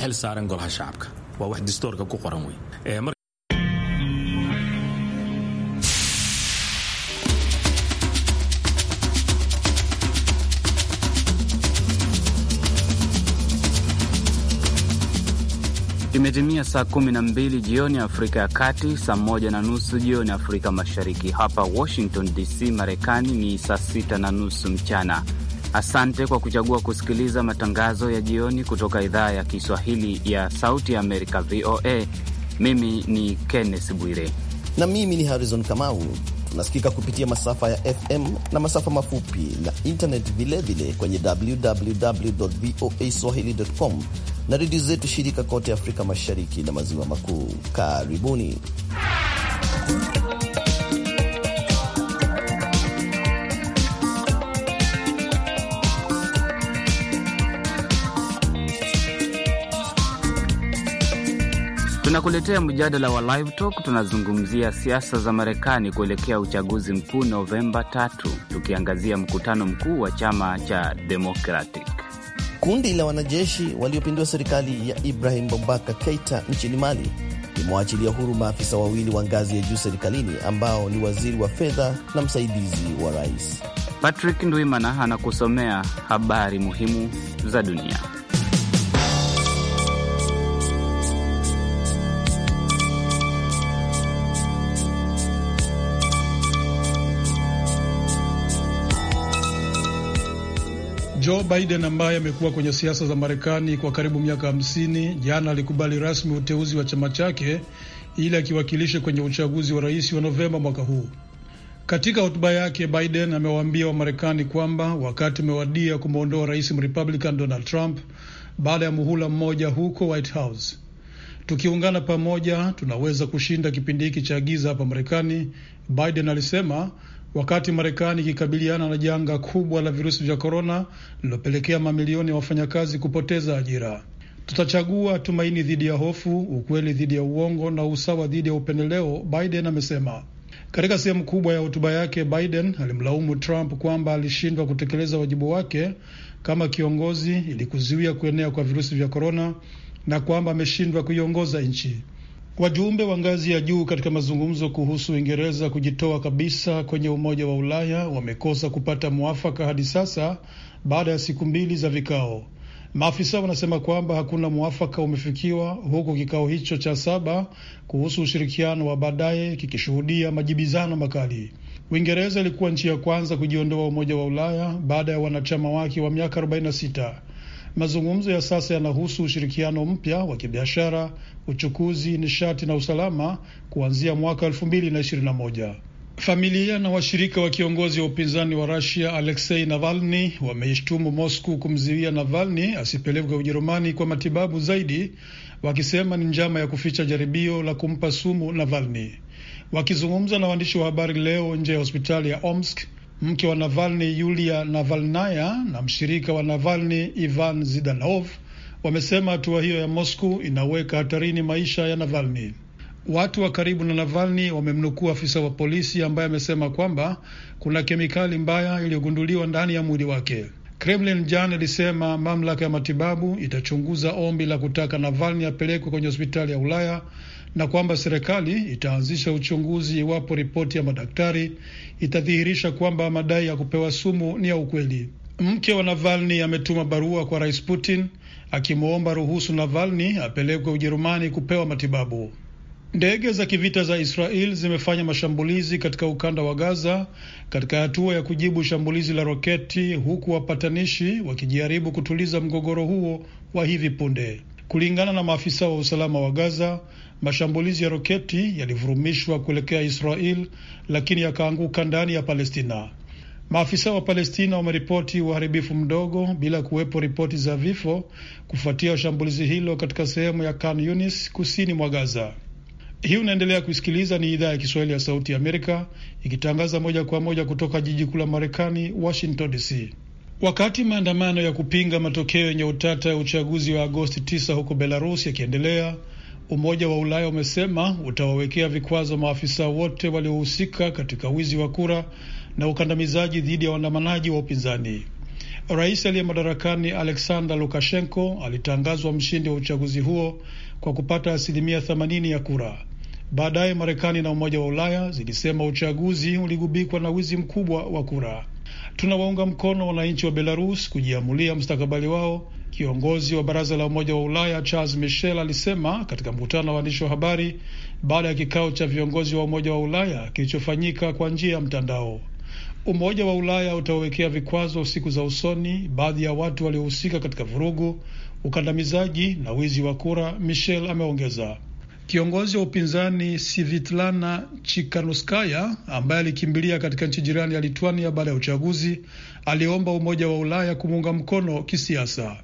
xil saaran golaha shacabka waa wax distoorka ku qoran wey Imetimia saa kumi na mbili jioni Afrika ya Kati, saa moja na nusu jioni Afrika Mashariki. Hapa Washington DC, Marekani ni saa sita na nusu mchana. Asante kwa kuchagua kusikiliza matangazo ya jioni kutoka idhaa ya Kiswahili ya Sauti Amerika, VOA. Mimi ni Kenneth Bwire na mimi ni Harrison Kamau. Tunasikika kupitia masafa ya FM na masafa mafupi na internet vilevile kwenye www voa swahili.com na redio zetu shirika kote Afrika Mashariki na Maziwa Makuu. Karibuni. Tunakuletea mjadala wa Live Talk. Tunazungumzia siasa za Marekani kuelekea uchaguzi mkuu Novemba tatu, tukiangazia mkutano mkuu wa chama cha Democratic. Kundi la wanajeshi waliopindua serikali ya Ibrahim Boubacar Keita nchini Mali limewaachilia huru maafisa wawili wa ngazi ya juu serikalini ambao ni waziri wa fedha na msaidizi wa rais. Patrick Ndwimana anakusomea habari muhimu za dunia. Joe Biden ambaye amekuwa kwenye siasa za Marekani kwa karibu miaka hamsini, jana alikubali rasmi uteuzi wa chama chake ili akiwakilishe kwenye uchaguzi wa rais wa Novemba mwaka huu. Katika hotuba yake, Biden amewaambia Wamarekani kwamba wakati umewadia kumwondoa rais Mrepublican Donald Trump baada ya muhula mmoja huko White House. Tukiungana pamoja tunaweza kushinda kipindi hiki cha giza hapa Marekani, Biden alisema, Wakati Marekani ikikabiliana na janga kubwa la virusi vya korona lililopelekea mamilioni ya wafanyakazi kupoteza ajira. Tutachagua tumaini dhidi ya hofu, ukweli dhidi ya uongo, na usawa dhidi ya upendeleo, Biden amesema. Katika sehemu kubwa ya hotuba yake, Biden alimlaumu Trump kwamba alishindwa kutekeleza wajibu wake kama kiongozi ili kuzuia kuenea kwa virusi vya korona na kwamba ameshindwa kuiongoza nchi. Wajumbe wa ngazi ya juu katika mazungumzo kuhusu Uingereza kujitoa kabisa kwenye Umoja wa Ulaya wamekosa kupata mwafaka hadi sasa baada ya siku mbili za vikao. Maafisa wanasema kwamba hakuna mwafaka umefikiwa, huku kikao hicho cha saba kuhusu ushirikiano wa baadaye kikishuhudia majibizano makali. Uingereza ilikuwa nchi ya kwanza kujiondoa Umoja wa Ulaya baada ya wanachama wake wa miaka Mazungumzo ya sasa yanahusu ushirikiano mpya wa kibiashara, uchukuzi, nishati na usalama kuanzia mwaka 2021. Familia na washirika wa kiongozi wa upinzani wa rasia Alexei Navalny wameishtumu Moscow kumziwia Navalny asipelekwe Ujerumani kwa matibabu zaidi, wakisema ni njama ya kuficha jaribio la kumpa sumu Navalny. Wakizungumza na waandishi wa habari leo nje ya hospitali ya Omsk, mke wa Navalny Yulia Navalnaya na mshirika wa Navalny Ivan Zidanov wamesema hatua hiyo ya Moscow inaweka hatarini maisha ya Navalny. Watu wa karibu na Navalny wamemnukuu afisa wa polisi ambaye amesema kwamba kuna kemikali mbaya iliyogunduliwa ndani ya mwili wake. Kremlin jana ilisema mamlaka ya matibabu itachunguza ombi la kutaka Navalny apelekwe kwenye hospitali ya Ulaya na kwamba serikali itaanzisha uchunguzi iwapo ripoti ya madaktari itadhihirisha kwamba madai ya kupewa sumu ni ya ukweli. Mke wa navalni ametuma barua kwa Rais Putin akimwomba ruhusu navalni apelekwe Ujerumani kupewa matibabu. Ndege za kivita za Israel zimefanya mashambulizi katika ukanda wa Gaza katika hatua ya kujibu shambulizi la roketi, huku wapatanishi wakijaribu kutuliza mgogoro huo wa hivi punde. Kulingana na maafisa wa usalama wa Gaza, Mashambulizi ya roketi yalivurumishwa kuelekea Israel lakini yakaanguka ndani ya Palestina. Maafisa wa Palestina wameripoti uharibifu mdogo bila kuwepo ripoti za vifo kufuatia shambulizi hilo katika sehemu ya Khan Yunis kusini mwa Gaza. Hii unaendelea kuisikiliza, ni idhaa ya Kiswahili ya Sauti ya Amerika ikitangaza moja kwa moja kutoka jiji kuu la Marekani, Washington DC. Wakati maandamano ya kupinga matokeo yenye utata ya uchaguzi wa Agosti 9 huko Belarus yakiendelea, Umoja wa Ulaya umesema utawawekea vikwazo maafisa wote waliohusika katika wizi wa kura na ukandamizaji dhidi ya waandamanaji wa upinzani. Rais aliye madarakani Alexander Lukashenko alitangazwa mshindi wa uchaguzi huo kwa kupata asilimia 80 ya kura. Baadaye Marekani na Umoja wa Ulaya zilisema uchaguzi uligubikwa na wizi mkubwa wa kura. Tunawaunga mkono wananchi wa Belarus kujiamulia mustakabali wao Kiongozi wa baraza la Umoja wa Ulaya Charles Michel alisema katika mkutano wa waandishi wa habari baada ya kikao cha viongozi wa Umoja wa Ulaya kilichofanyika kwa njia ya mtandao. Umoja wa Ulaya utawekea vikwazo siku za usoni baadhi ya watu waliohusika katika vurugu, ukandamizaji na wizi wa kura, Michel ameongeza. Kiongozi wa upinzani Svitlana Chikanuskaya ambaye alikimbilia katika nchi jirani ya Litwania baada ya uchaguzi aliomba Umoja wa Ulaya kumuunga mkono kisiasa.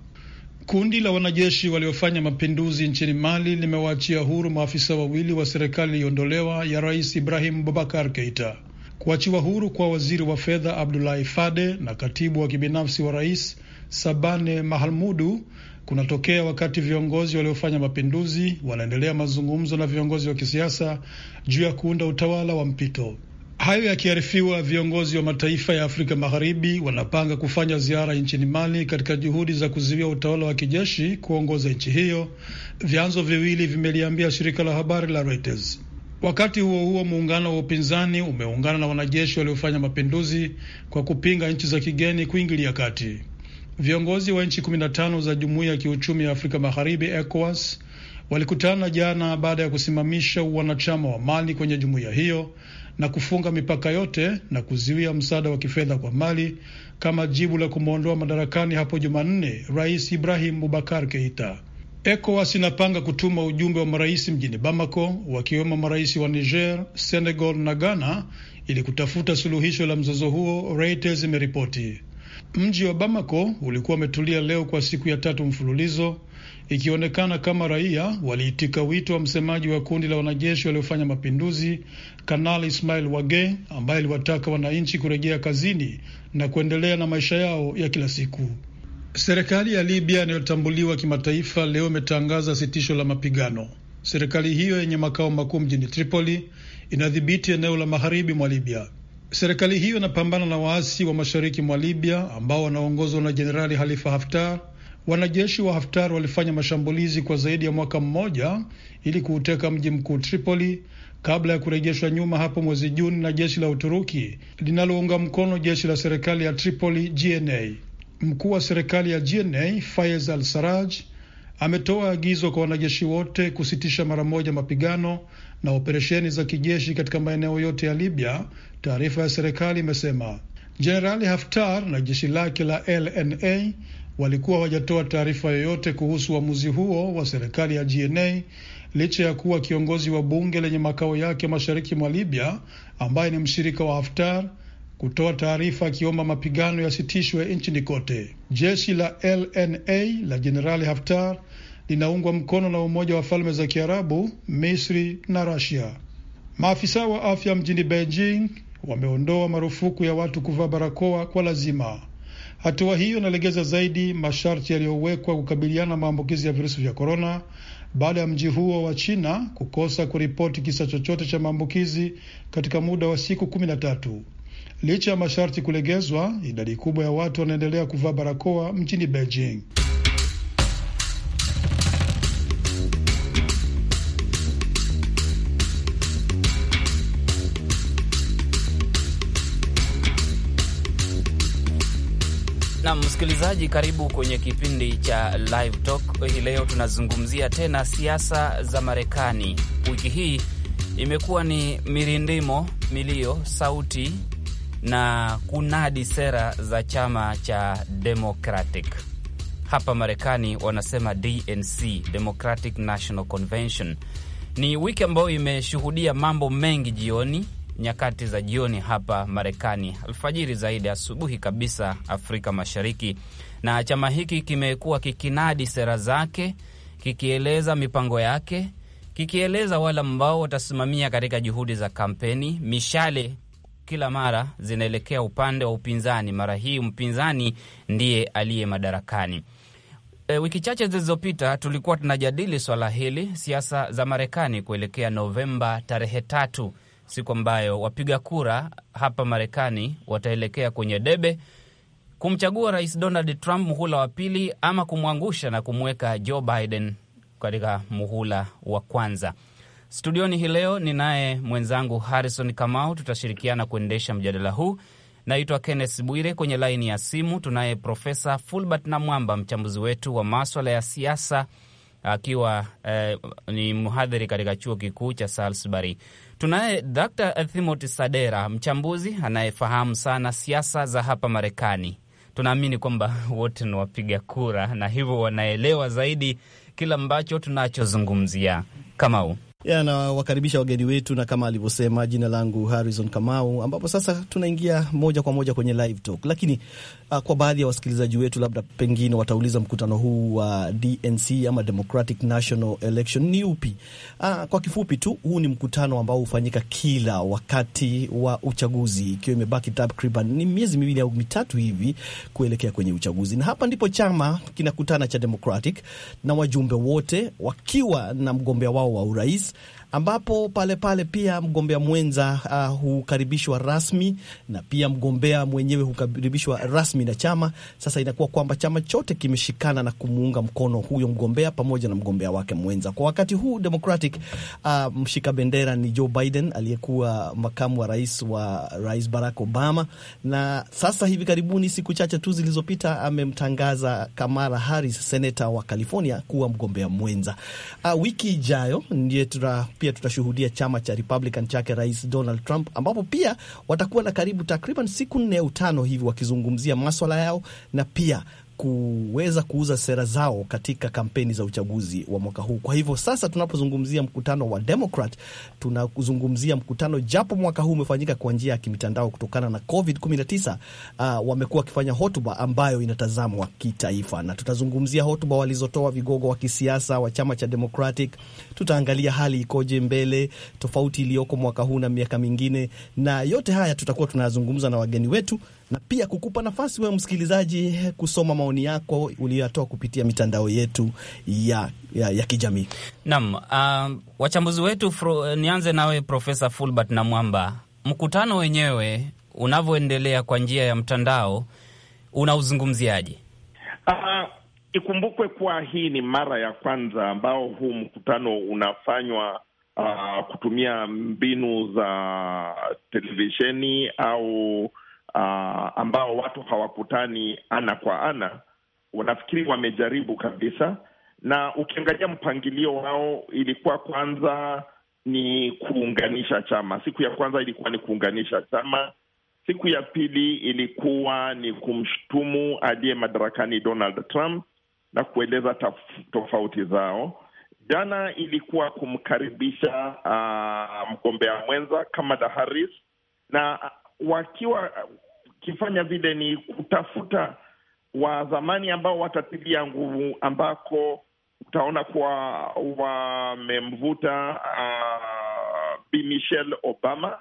Kundi la wanajeshi waliofanya mapinduzi nchini Mali limewaachia huru maafisa wawili wa serikali iliyoondolewa ya Rais Ibrahim bubakar Keita. Kuachiwa huru kwa waziri wa fedha Abdulahi Fade na katibu wa kibinafsi wa rais Sabane Mahalmudu kunatokea wakati viongozi waliofanya mapinduzi wanaendelea mazungumzo na viongozi wa kisiasa juu ya kuunda utawala wa mpito. Hayo yakiarifiwa, viongozi wa mataifa ya Afrika Magharibi wanapanga kufanya ziara nchini Mali katika juhudi za kuzuia utawala wa kijeshi kuongoza nchi hiyo, vyanzo viwili vimeliambia shirika la habari la Reuters. Wakati huo huo, muungano wa upinzani umeungana na wanajeshi waliofanya mapinduzi kwa kupinga nchi za kigeni kuingilia kati. Viongozi wa nchi 15 za jumuiya ya kiuchumi ya Afrika Magharibi, ECOWAS, walikutana jana baada ya kusimamisha wanachama wa Mali kwenye jumuiya hiyo na kufunga mipaka yote na kuzuia msaada wa kifedha kwa Mali kama jibu la kumwondoa madarakani hapo Jumanne Rais Ibrahim Bubakar Keita. ECOWAS inapanga kutuma ujumbe wa marais mjini Bamako, wakiwemo marais wa Niger, Senegal na Ghana ili kutafuta suluhisho la mzozo huo, Reuters imeripoti. Mji wa Bamako ulikuwa umetulia leo kwa siku ya tatu mfululizo ikionekana kama raia waliitika wito wa msemaji wa kundi la wanajeshi waliofanya mapinduzi Kanali Ismail Wage ambaye aliwataka wananchi kurejea kazini na kuendelea na maisha yao ya kila siku. Serikali ya Libya inayotambuliwa kimataifa leo imetangaza sitisho la mapigano. Serikali hiyo yenye makao makuu mjini Tripoli inadhibiti eneo la magharibi mwa Libya. Serikali hiyo inapambana na waasi wa mashariki mwa Libya ambao wanaongozwa na Jenerali Halifa Haftar Wanajeshi wa Haftar walifanya mashambulizi kwa zaidi ya mwaka mmoja ili kuuteka mji mkuu Tripoli kabla ya kurejeshwa nyuma hapo mwezi Juni na jeshi la Uturuki linalounga mkono jeshi la serikali ya Tripoli GNA. Mkuu wa serikali ya GNA Fayez al Saraj ametoa agizo kwa wanajeshi wote kusitisha mara moja mapigano na operesheni za kijeshi katika maeneo yote ya Libya, taarifa ya serikali imesema. Jenerali Haftar na jeshi lake la LNA walikuwa hawajatoa taarifa yoyote kuhusu uamuzi huo wa serikali ya GNA licha ya kuwa kiongozi wa bunge lenye makao yake mashariki mwa Libya ambaye ni mshirika wa Haftar kutoa taarifa akiomba mapigano yasitishwe nchini kote. Jeshi la LNA la Jenerali Haftar linaungwa mkono na Umoja wa Falme za Kiarabu, Misri na Rasia. Maafisa wa afya mjini Beijing wameondoa marufuku ya watu kuvaa barakoa kwa lazima. Hatua hiyo inalegeza zaidi masharti yaliyowekwa kukabiliana na maambukizi ya virusi vya korona baada ya mji huo wa China kukosa kuripoti kisa chochote cha maambukizi katika muda wa siku kumi na tatu. Licha ya masharti kulegezwa, idadi kubwa ya watu wanaendelea kuvaa barakoa mjini Beijing. Na msikilizaji, karibu kwenye kipindi cha Live Talk. Hii leo tunazungumzia tena siasa za Marekani. Wiki hii imekuwa ni mirindimo, milio, sauti na kunadi sera za chama cha Democratic hapa Marekani, wanasema DNC, Democratic National Convention. Ni wiki ambayo imeshuhudia mambo mengi jioni nyakati za jioni hapa Marekani, alfajiri zaidi, asubuhi kabisa Afrika Mashariki. Na chama hiki kimekuwa kikinadi sera zake, kikieleza mipango yake, kikieleza wale ambao watasimamia katika juhudi za kampeni. Mishale kila mara zinaelekea upande wa upinzani, mara hii mpinzani ndiye aliye madarakani. E, wiki chache zilizopita tulikuwa tunajadili swala hili, siasa za Marekani kuelekea Novemba tarehe tatu siku ambayo wapiga kura hapa Marekani wataelekea kwenye debe kumchagua Rais Donald Trump muhula wa pili ama kumwangusha na kumweka Joe Biden katika muhula wa kwanza. Studioni hii leo ni naye mwenzangu Harrison Kamau, tutashirikiana kuendesha mjadala huu. Naitwa Kenneth Bwire. Kwenye laini ya simu tunaye Profesa Fulbert Namwamba, mchambuzi wetu wa maswala ya siasa, akiwa eh, ni mhadhiri katika chuo kikuu cha Salisbury. Tunaye Dr. Timothy Sadera, mchambuzi anayefahamu sana siasa za hapa Marekani. Tunaamini kwamba wote ni wapiga kura na hivyo wanaelewa zaidi kila ambacho tunachozungumzia. Kamau, yanawakaribisha wageni wetu, na kama alivyosema, jina langu Harrison Kamau, ambapo sasa tunaingia moja kwa moja kwenye live talk. Lakini uh, kwa baadhi ya wasikilizaji wetu, labda pengine watauliza mkutano huu wa uh, DNC ama Democratic National Election ni upi? Uh, kwa kifupi tu, huu ni mkutano ambao hufanyika kila wakati wa uchaguzi, ikiwa imebaki takriban ni miezi miwili au mitatu hivi kuelekea kwenye uchaguzi, na hapa ndipo chama kinakutana cha Democratic na wajumbe wote wakiwa na mgombea wao wa urais ambapo pale pale pia mgombea mwenza uh, hukaribishwa rasmi na pia mgombea mwenyewe hukaribishwa rasmi na chama. Sasa inakuwa kwamba chama chote kimeshikana na kumuunga mkono huyo mgombea pamoja na mgombea wake mwenza. Kwa wakati huu Democratic, uh, mshika bendera ni Joe Biden aliyekuwa makamu wa rais wa Rais Barack Obama, na sasa hivi karibuni, siku chache tu zilizopita, amemtangaza Kamala Harris, seneta wa California, kuwa mgombea mwenza. Uh, wiki ijayo ndiye pia tutashuhudia chama cha Republican chake Rais Donald Trump, ambapo pia watakuwa na karibu takriban siku nne au tano hivi wakizungumzia maswala yao na pia kuweza kuuza sera zao katika kampeni za uchaguzi wa mwaka huu. Kwa hivyo sasa tunapozungumzia mkutano wa Democrat, tunazungumzia mkutano japo mwaka huu umefanyika kwa njia ya kimitandao kutokana na COVID-19. Uh, wamekuwa wakifanya hotuba ambayo inatazamwa kitaifa, na tutazungumzia hotuba walizotoa vigogo wa kisiasa wa chama cha Democratic. Tutaangalia hali ikoje mbele, tofauti iliyoko mwaka huu na miaka mingine, na yote haya tutakuwa tunayazungumza na wageni wetu na pia kukupa nafasi wewe msikilizaji eh, kusoma maoni yako uliyoyatoa kupitia mitandao yetu ya, ya, ya kijamii. Naam, uh, wachambuzi wetu fro, eh, nianze nawe Profesa Fulbert na Mwamba, mkutano wenyewe unavyoendelea kwa njia ya mtandao unauzungumziaje? Uh, ikumbukwe kuwa hii ni mara ya kwanza ambao huu mkutano unafanywa uh, kutumia mbinu za televisheni au uh, ambao watu hawakutani ana kwa ana, wanafikiri wamejaribu kabisa. Na ukiangalia mpangilio wao, ilikuwa kwanza ni kuunganisha chama. Siku ya kwanza ilikuwa ni kuunganisha chama, siku ya pili ilikuwa ni kumshutumu aliye madarakani Donald Trump na kueleza tofauti zao. Jana ilikuwa kumkaribisha uh, mgombea mwenza Kamala Harris na wakiwa kifanya vile ni kutafuta wa zamani ambao watatilia nguvu, ambako utaona kuwa wamemvuta uh, Bi Michelle Obama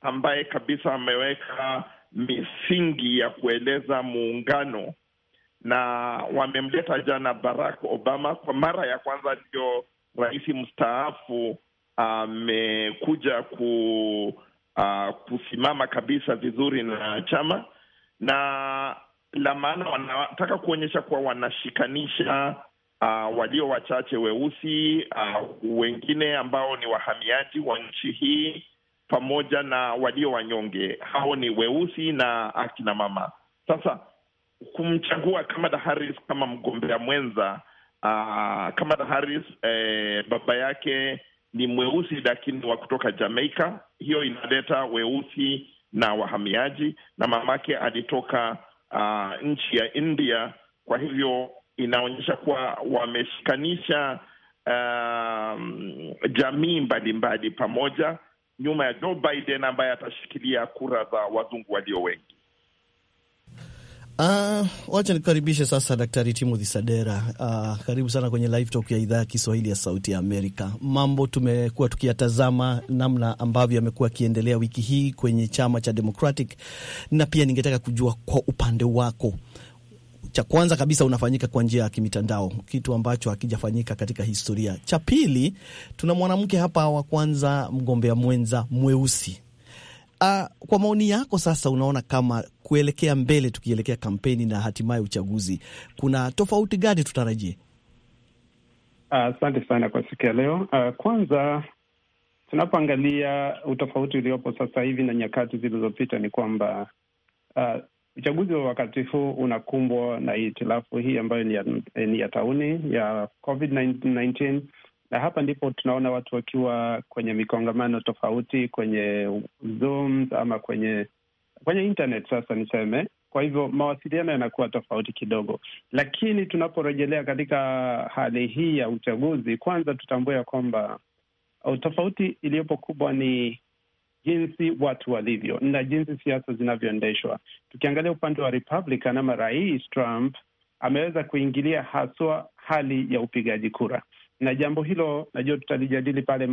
ambaye kabisa ameweka misingi ya kueleza muungano na wamemleta jana Barack Obama kwa mara ya kwanza, ndiyo rais mstaafu ah, amekuja uh, ku uh, kusimama kabisa vizuri na chama na la maana wanataka kuonyesha kuwa wanashikanisha uh, walio wachache weusi uh, wengine ambao ni wahamiaji wa nchi hii pamoja na walio wanyonge. Hao ni weusi na akina mama. Sasa kumchagua kamada Harris kama mgombea mwenza uh, kamada Harris eh, baba yake ni mweusi lakini wa kutoka Jamaica. Hiyo inaleta weusi na wahamiaji, na mamake alitoka uh, nchi ya India. Kwa hivyo inaonyesha kuwa wameshikanisha uh, jamii mbalimbali mbali pamoja nyuma ya Joe Biden ambaye atashikilia kura za wazungu walio wengi. Uh, wacha nikukaribishe sasa Daktari Timothy Sadera. Uh, karibu sana kwenye Live Talk ya idhaa ya Kiswahili ya Sauti ya Amerika. Mambo tumekuwa tukiyatazama namna ambavyo yamekuwa yakiendelea wiki hii kwenye chama cha Democratic, na pia ningetaka kujua kwa upande wako cha kwanza kabisa unafanyika kwa njia ya kimitandao, kitu ambacho hakijafanyika katika historia. Cha pili, tuna mwanamke hapa wa kwanza mgombea mwenza mweusi Uh, kwa maoni yako sasa, unaona kama kuelekea mbele, tukielekea kampeni na hatimaye uchaguzi, kuna tofauti gani tutarajie? Ah, asante uh, sana kwa siku ya leo. Uh, kwanza tunapoangalia utofauti uliopo sasa hivi na nyakati zilizopita ni kwamba uh, uchaguzi wa wakati huu unakumbwa na hitilafu hii ambayo ni ya, ni ya tauni ya COVID-19 na hapa ndipo tunaona watu wakiwa kwenye mikongamano tofauti kwenye Zooms ama kwenye kwenye internet sasa niseme. Kwa hivyo mawasiliano yanakuwa tofauti kidogo, lakini tunaporejelea katika hali hii ya uchaguzi, kwanza tutambua ya kwamba uh, tofauti iliyopo kubwa ni jinsi watu walivyo na jinsi siasa zinavyoendeshwa. Tukiangalia upande wa Republican ama Rais Trump ameweza kuingilia haswa hali ya upigaji kura na jambo hilo najua tutalijadili pale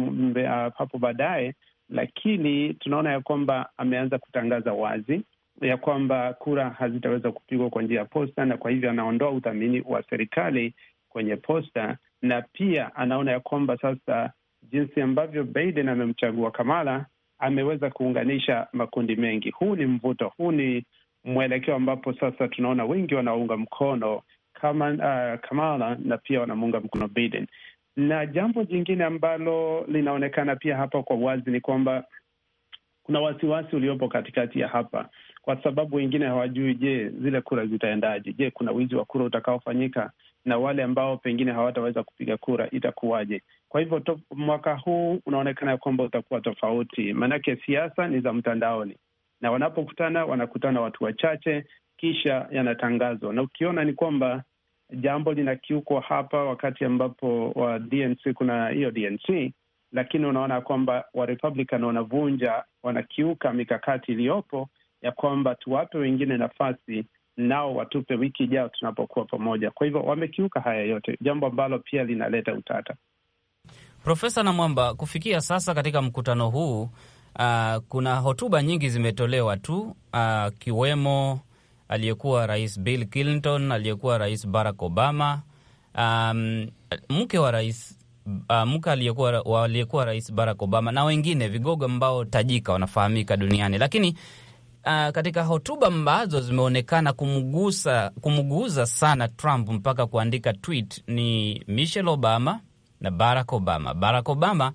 ah, hapo baadaye, lakini tunaona ya kwamba ameanza kutangaza wazi ya kwamba kura hazitaweza kupigwa kwa njia ya posta, na kwa hivyo anaondoa udhamini wa serikali kwenye posta, na pia anaona ya kwamba sasa jinsi ambavyo Biden amemchagua Kamala ameweza kuunganisha makundi mengi. Huu ni mvuto, huu ni mwelekeo ambapo sasa tunaona wengi wanaunga mkono kama, uh, Kamala na pia wanamuunga mkono Biden. Na jambo jingine ambalo linaonekana pia hapa kwa wazi ni kwamba kuna wasiwasi uliopo katikati ya hapa, kwa sababu wengine hawajui, je, zile kura zitaendaje? Je, kuna wizi wa kura utakaofanyika? Na wale ambao pengine hawataweza kupiga kura itakuwaje? Kwa hivyo mwaka huu unaonekana ya kwamba utakuwa tofauti, maanake siasa ni za mtandaoni, na wanapokutana wanakutana watu wachache, kisha yanatangazwa, na ukiona ni kwamba jambo linakiukwa hapa, wakati ambapo wa DNC kuna hiyo DNC, lakini unaona kwamba wa Republican wanavunja, wanakiuka mikakati iliyopo ya kwamba tuwape wengine nafasi nao watupe wiki ijayo tunapokuwa pamoja. Kwa hivyo wamekiuka haya yote, jambo ambalo pia linaleta utata. Profesa Namwamba, kufikia sasa katika mkutano huu uh, kuna hotuba nyingi zimetolewa tu uh, kiwemo aliyekuwa rais Bill Clinton, aliyekuwa rais Barack Obama, um, mke wa rais uh, mke aliyekuwa aliyekuwa rais Barack Obama na wengine vigogo ambao tajika wanafahamika duniani, lakini Uh, katika hotuba ambazo zimeonekana kumgusa kumguza sana Trump mpaka kuandika tweet ni Michelle Obama na Barack Obama. Barack Obama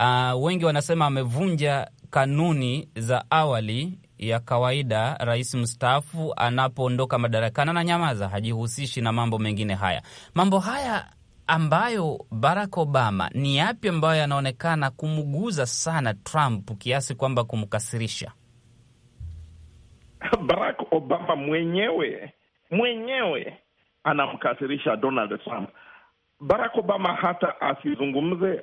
uh, wengi wanasema amevunja kanuni za awali ya kawaida rais mstaafu anapoondoka madarakani ananyamaza, hajihusishi na mambo mengine haya. Mambo haya ambayo Barack Obama, ni yapi ambayo yanaonekana kumguza sana Trump kiasi kwamba kumkasirisha? Barack Obama mwenyewe mwenyewe anamkasirisha Donald Trump. Barack Obama hata asizungumze,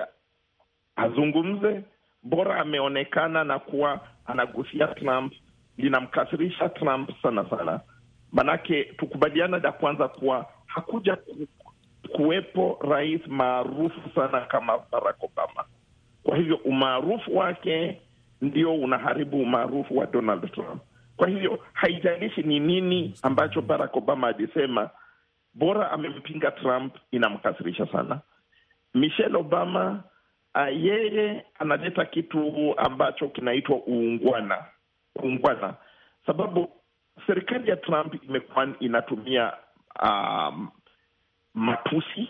azungumze, bora ameonekana na kuwa anagusia Trump linamkasirisha Trump sana sana, manake tukubaliana la kwanza kuwa hakuja ku, kuwepo rais maarufu sana kama Barack Obama. Kwa hivyo umaarufu wake ndio unaharibu umaarufu wa Donald Trump. Kwa hivyo haijalishi ni nini ambacho Barack Obama alisema, bora amempinga Trump, inamkasirisha sana. Michelle Obama ah, yeye analeta kitu ambacho kinaitwa uungwana kuungwana, sababu serikali ya Trump imekuwa inatumia um, matusi,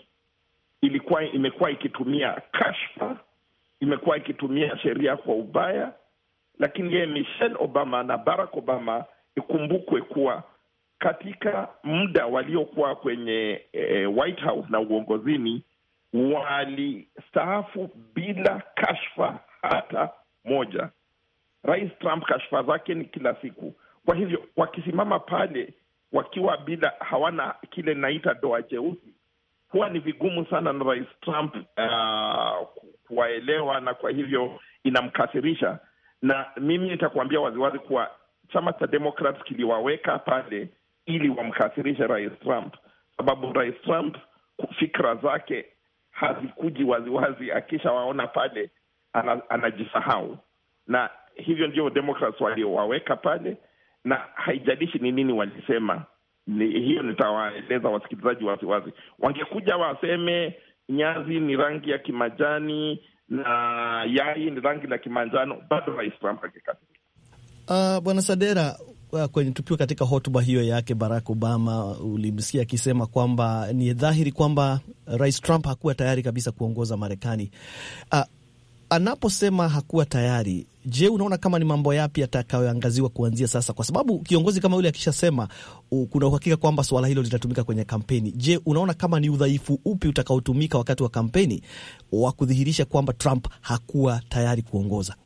ilikuwa imekuwa ikitumia kashfa, imekuwa ikitumia sheria kwa ubaya, lakini yeye Michelle Obama na Barack Obama, ikumbukwe kuwa katika muda waliokuwa kwenye e, White House na uongozini walistaafu bila kashfa hata moja. Rais Trump kashfa zake ni kila siku. Kwa hivyo wakisimama pale wakiwa bila, hawana kile naita doa jeusi, huwa ni vigumu sana na Rais Trump uh, kuwaelewa, na kwa hivyo inamkasirisha. Na mimi nitakuambia waziwazi kuwa chama cha demokrat kiliwaweka pale ili wamkasirishe Rais Trump, sababu Rais Trump fikra zake hazikuji waziwazi, akishawaona pale anajisahau na hivyo ndio Democrats waliowaweka pale, na haijalishi ni nini walisema. Ni hiyo nitawaeleza wasikilizaji waziwazi. Wangekuja waseme nyazi ni rangi ya kimajani na yai ni rangi la kimanjano, bado Rais Trump angekatika. Uh, ah, Bwana Sadera kwenye tukiwa katika hotuba hiyo yake Barack Obama ulimsikia akisema kwamba ni dhahiri kwamba Rais Trump hakuwa tayari kabisa kuongoza Marekani. Uh, anaposema hakuwa tayari Je, unaona kama ni mambo yapi yatakayoangaziwa kuanzia sasa, kwa sababu kiongozi kama yule akishasema kuna uhakika kwamba swala hilo litatumika kwenye kampeni. Je, unaona kama ni udhaifu upi utakaotumika wakati wa kampeni wa kudhihirisha kwamba Trump hakuwa tayari kuongoza?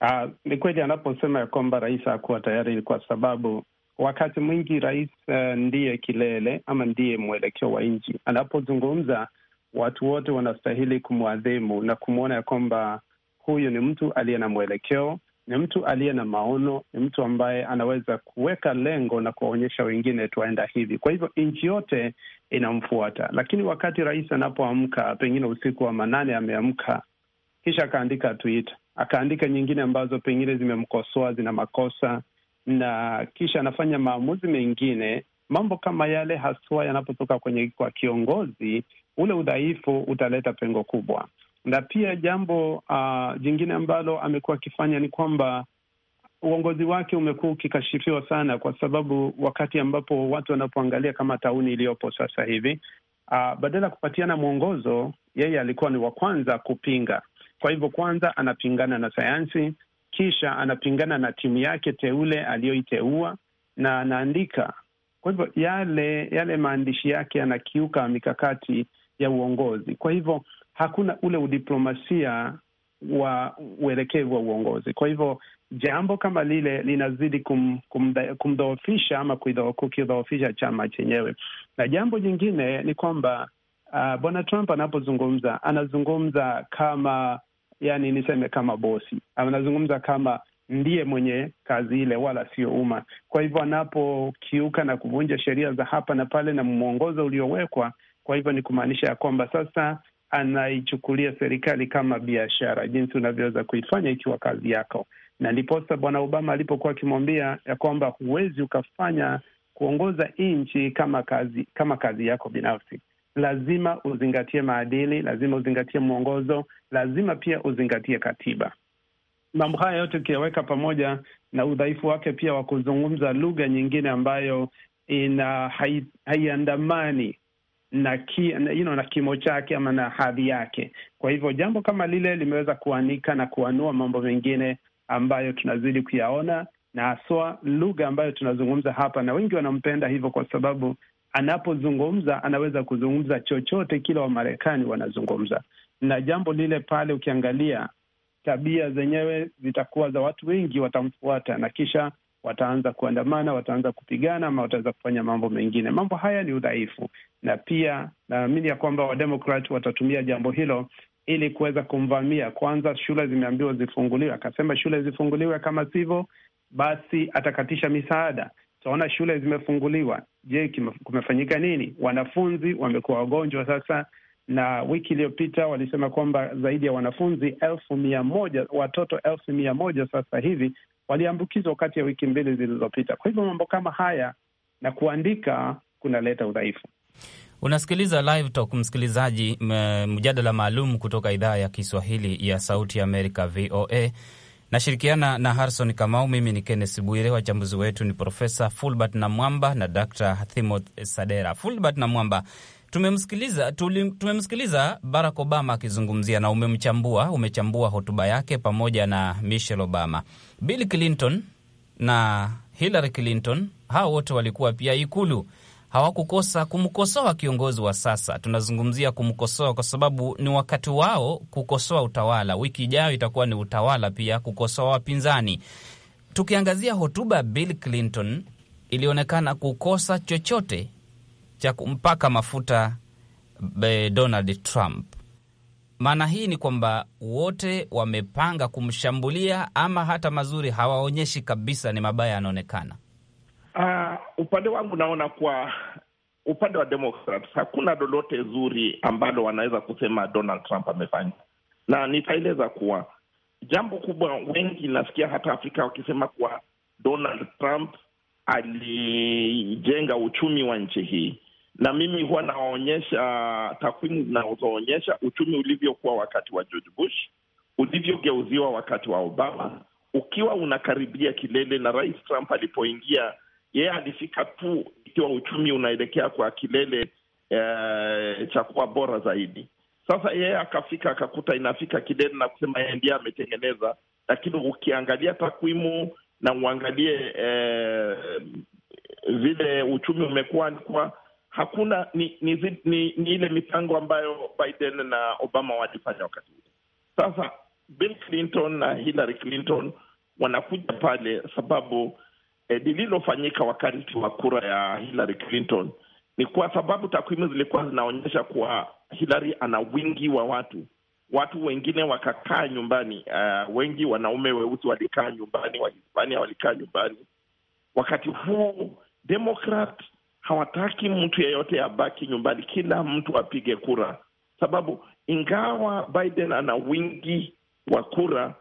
Uh, ni kweli anaposema ya kwamba rais hakuwa tayari, kwa sababu wakati mwingi rais uh, ndiye kilele ama ndiye mwelekeo wa nchi. Anapozungumza watu wote wanastahili kumwadhimu na kumwona ya kwamba huyu ni mtu aliye na mwelekeo, ni mtu aliye na maono, ni mtu ambaye anaweza kuweka lengo na kuwaonyesha wengine tuaenda hivi. Kwa hivyo nchi yote inamfuata, lakini wakati rais anapoamka, pengine usiku wa manane ameamka, kisha akaandika tweet, akaandika nyingine ambazo pengine zimemkosoa, zina makosa, na kisha anafanya maamuzi mengine. Mambo kama yale haswa yanapotoka kwenye kwa kiongozi, ule udhaifu utaleta pengo kubwa. Na pia jambo uh, jingine ambalo amekuwa akifanya ni kwamba uongozi wake umekuwa ukikashifiwa sana, kwa sababu wakati ambapo watu wanapoangalia kama tauni iliyopo sasa hivi uh, badala ya kupatiana mwongozo, yeye alikuwa ni wa kwanza kupinga. Kwa hivyo, kwanza anapingana na sayansi, kisha anapingana na timu yake teule aliyoiteua na anaandika. Kwa hivyo, yale yale maandishi yake yanakiuka mikakati ya uongozi. Kwa hivyo hakuna ule udiplomasia wa uelekevu wa uongozi. Kwa hivyo jambo kama lile linazidi kum, kumdhoofisha ama kukidhoofisha chama chenyewe. Na jambo jingine ni kwamba uh, bwana Trump anapozungumza anazungumza kama yani, niseme kama bosi, anazungumza kama ndiye mwenye kazi ile, wala sio umma. Kwa hivyo anapokiuka na kuvunja sheria za hapa na pale na mwongozo uliowekwa, kwa hivyo ni kumaanisha ya kwamba sasa anaichukulia serikali kama biashara, jinsi unavyoweza kuifanya ikiwa kazi yako. Na ndiposa Bwana Obama alipokuwa akimwambia ya kwamba huwezi ukafanya kuongoza nchi kama kazi, kama kazi yako binafsi, lazima uzingatie maadili, lazima uzingatie mwongozo, lazima pia uzingatie katiba. Mambo haya yote ukiyaweka pamoja na udhaifu wake pia wa kuzungumza lugha nyingine ambayo ina haiandamani hai na ki, you know, na kimo chake ama na hadhi yake. Kwa hivyo jambo kama lile limeweza kuanika na kuanua mambo mengine ambayo tunazidi kuyaona, na haswa lugha ambayo tunazungumza hapa, na wengi wanampenda hivyo kwa sababu anapozungumza anaweza kuzungumza chochote kile Wamarekani wanazungumza, na jambo lile pale, ukiangalia tabia zenyewe zitakuwa za watu wengi watamfuata, na kisha wataanza kuandamana, wataanza kupigana ama wataweza kufanya mambo mengine. Mambo haya ni udhaifu, na pia naamini ya kwamba wademokrat watatumia jambo hilo ili kuweza kumvamia. Kwanza shule zimeambiwa zifunguliwe, akasema shule zifunguliwe, kama sivyo basi atakatisha misaada. Tunaona shule zimefunguliwa. Je, kumefanyika nini? Wanafunzi wamekuwa wagonjwa sasa, na wiki iliyopita walisema kwamba zaidi ya wanafunzi elfu mia moja watoto elfu mia moja sasa hivi waliambukizwa kati ya wiki mbili zilizopita. Kwa hivyo mambo kama haya na kuandika kunaleta udhaifu. Unasikiliza Live Talk, msikilizaji, mjadala maalum kutoka idhaa ya Kiswahili ya Sauti ya Amerika, VOA. Nashirikiana na Harrison Kamau. Mimi ni Kenneth Bwire. Wachambuzi wetu ni Profesa Fulbert Namwamba na Dr thimoth Sadera. Fulbert Namwamba, Tumemsikiliza, tumemsikiliza Barack Obama akizungumzia na umemchambua, umechambua hotuba yake pamoja na Michelle Obama. Bill Clinton na Hillary Clinton, hawa wote walikuwa pia Ikulu, hawakukosa kumkosoa kiongozi wa sasa. Tunazungumzia kumkosoa kwa sababu ni wakati wao kukosoa utawala. Wiki ijayo itakuwa ni utawala pia kukosoa wapinzani. Tukiangazia hotuba Bill Clinton ilionekana kukosa chochote cha kumpaka mafuta Donald Trump. Maana hii ni kwamba wote wamepanga kumshambulia, ama hata mazuri hawaonyeshi kabisa, ni mabaya yanaonekana. Uh, upande wangu naona kwa upande wa Democrats hakuna lolote zuri ambalo wanaweza kusema Donald Trump amefanya, na nitaeleza kuwa jambo kubwa, wengi nasikia hata Afrika wakisema kuwa Donald Trump alijenga uchumi wa nchi hii na mimi huwa naonyesha uh, takwimu zinazoonyesha uchumi ulivyokuwa wakati wa George Bush, ulivyogeuziwa wakati wa Obama, ukiwa unakaribia kilele, na Rais Trump alipoingia yeye alifika tu ikiwa uchumi unaelekea kwa kilele eh, cha kuwa bora zaidi. Sasa yeye akafika akakuta inafika kilele na kusema yeye ndiye ametengeneza, lakini ukiangalia takwimu na uangalie eh, vile uchumi umekuwa kwa hakuna ni, ni, ni, ni ile mipango ambayo Biden na Obama walifanya wakati ule. Sasa Bill Clinton na Hillary Clinton wanakuja pale sababu eh, lililofanyika wakati wa kura ya Hillary Clinton ni kwa sababu takwimu zilikuwa zinaonyesha kuwa Hillary ana wingi wa watu. Watu wengine wakakaa nyumbani, uh, wengi wanaume weusi walikaa nyumbani, Wahispania walikaa nyumbani. Wakati huu Democrat hawataki mtu yeyote abaki nyumbani, kila mtu apige kura, sababu ingawa Biden ana wingi wa kura,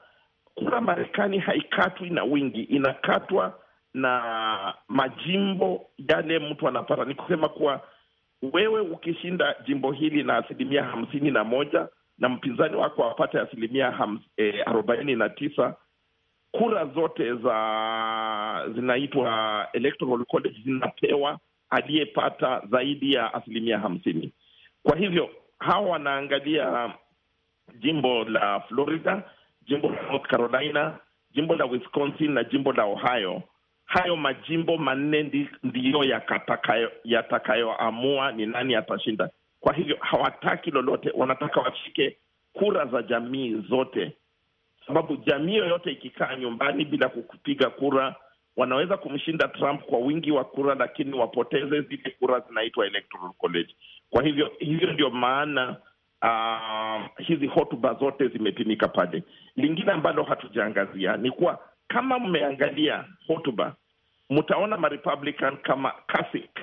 kura Marekani haikatwi na wingi, inakatwa na majimbo yale mtu anapata. Ni kusema kuwa wewe ukishinda jimbo hili na asilimia hamsini na moja na mpinzani wako apate asilimia eh, arobaini eh, na tisa kura zote za zinaitwa electoral college zinapewa aliyepata zaidi ya asilimia hamsini. Kwa hivyo hawa wanaangalia jimbo la Florida, jimbo la North Carolina, jimbo la Wisconsin na jimbo la Ohio. Hayo majimbo manne ndiyo yatakayoamua ni nani atashinda. Kwa hivyo hawataki lolote, wanataka washike kura za jamii zote, sababu jamii yoyote ikikaa nyumbani bila kupiga kura wanaweza kumshinda Trump kwa wingi wa kura, lakini wapoteze zile kura zinaitwa electoral college. Kwa hivyo hivyo ndio maana uh, hizi hotuba zote zimetimika pale. Lingine ambalo hatujaangazia ni kuwa kama mmeangalia hotuba, mtaona marepublican kama Kasich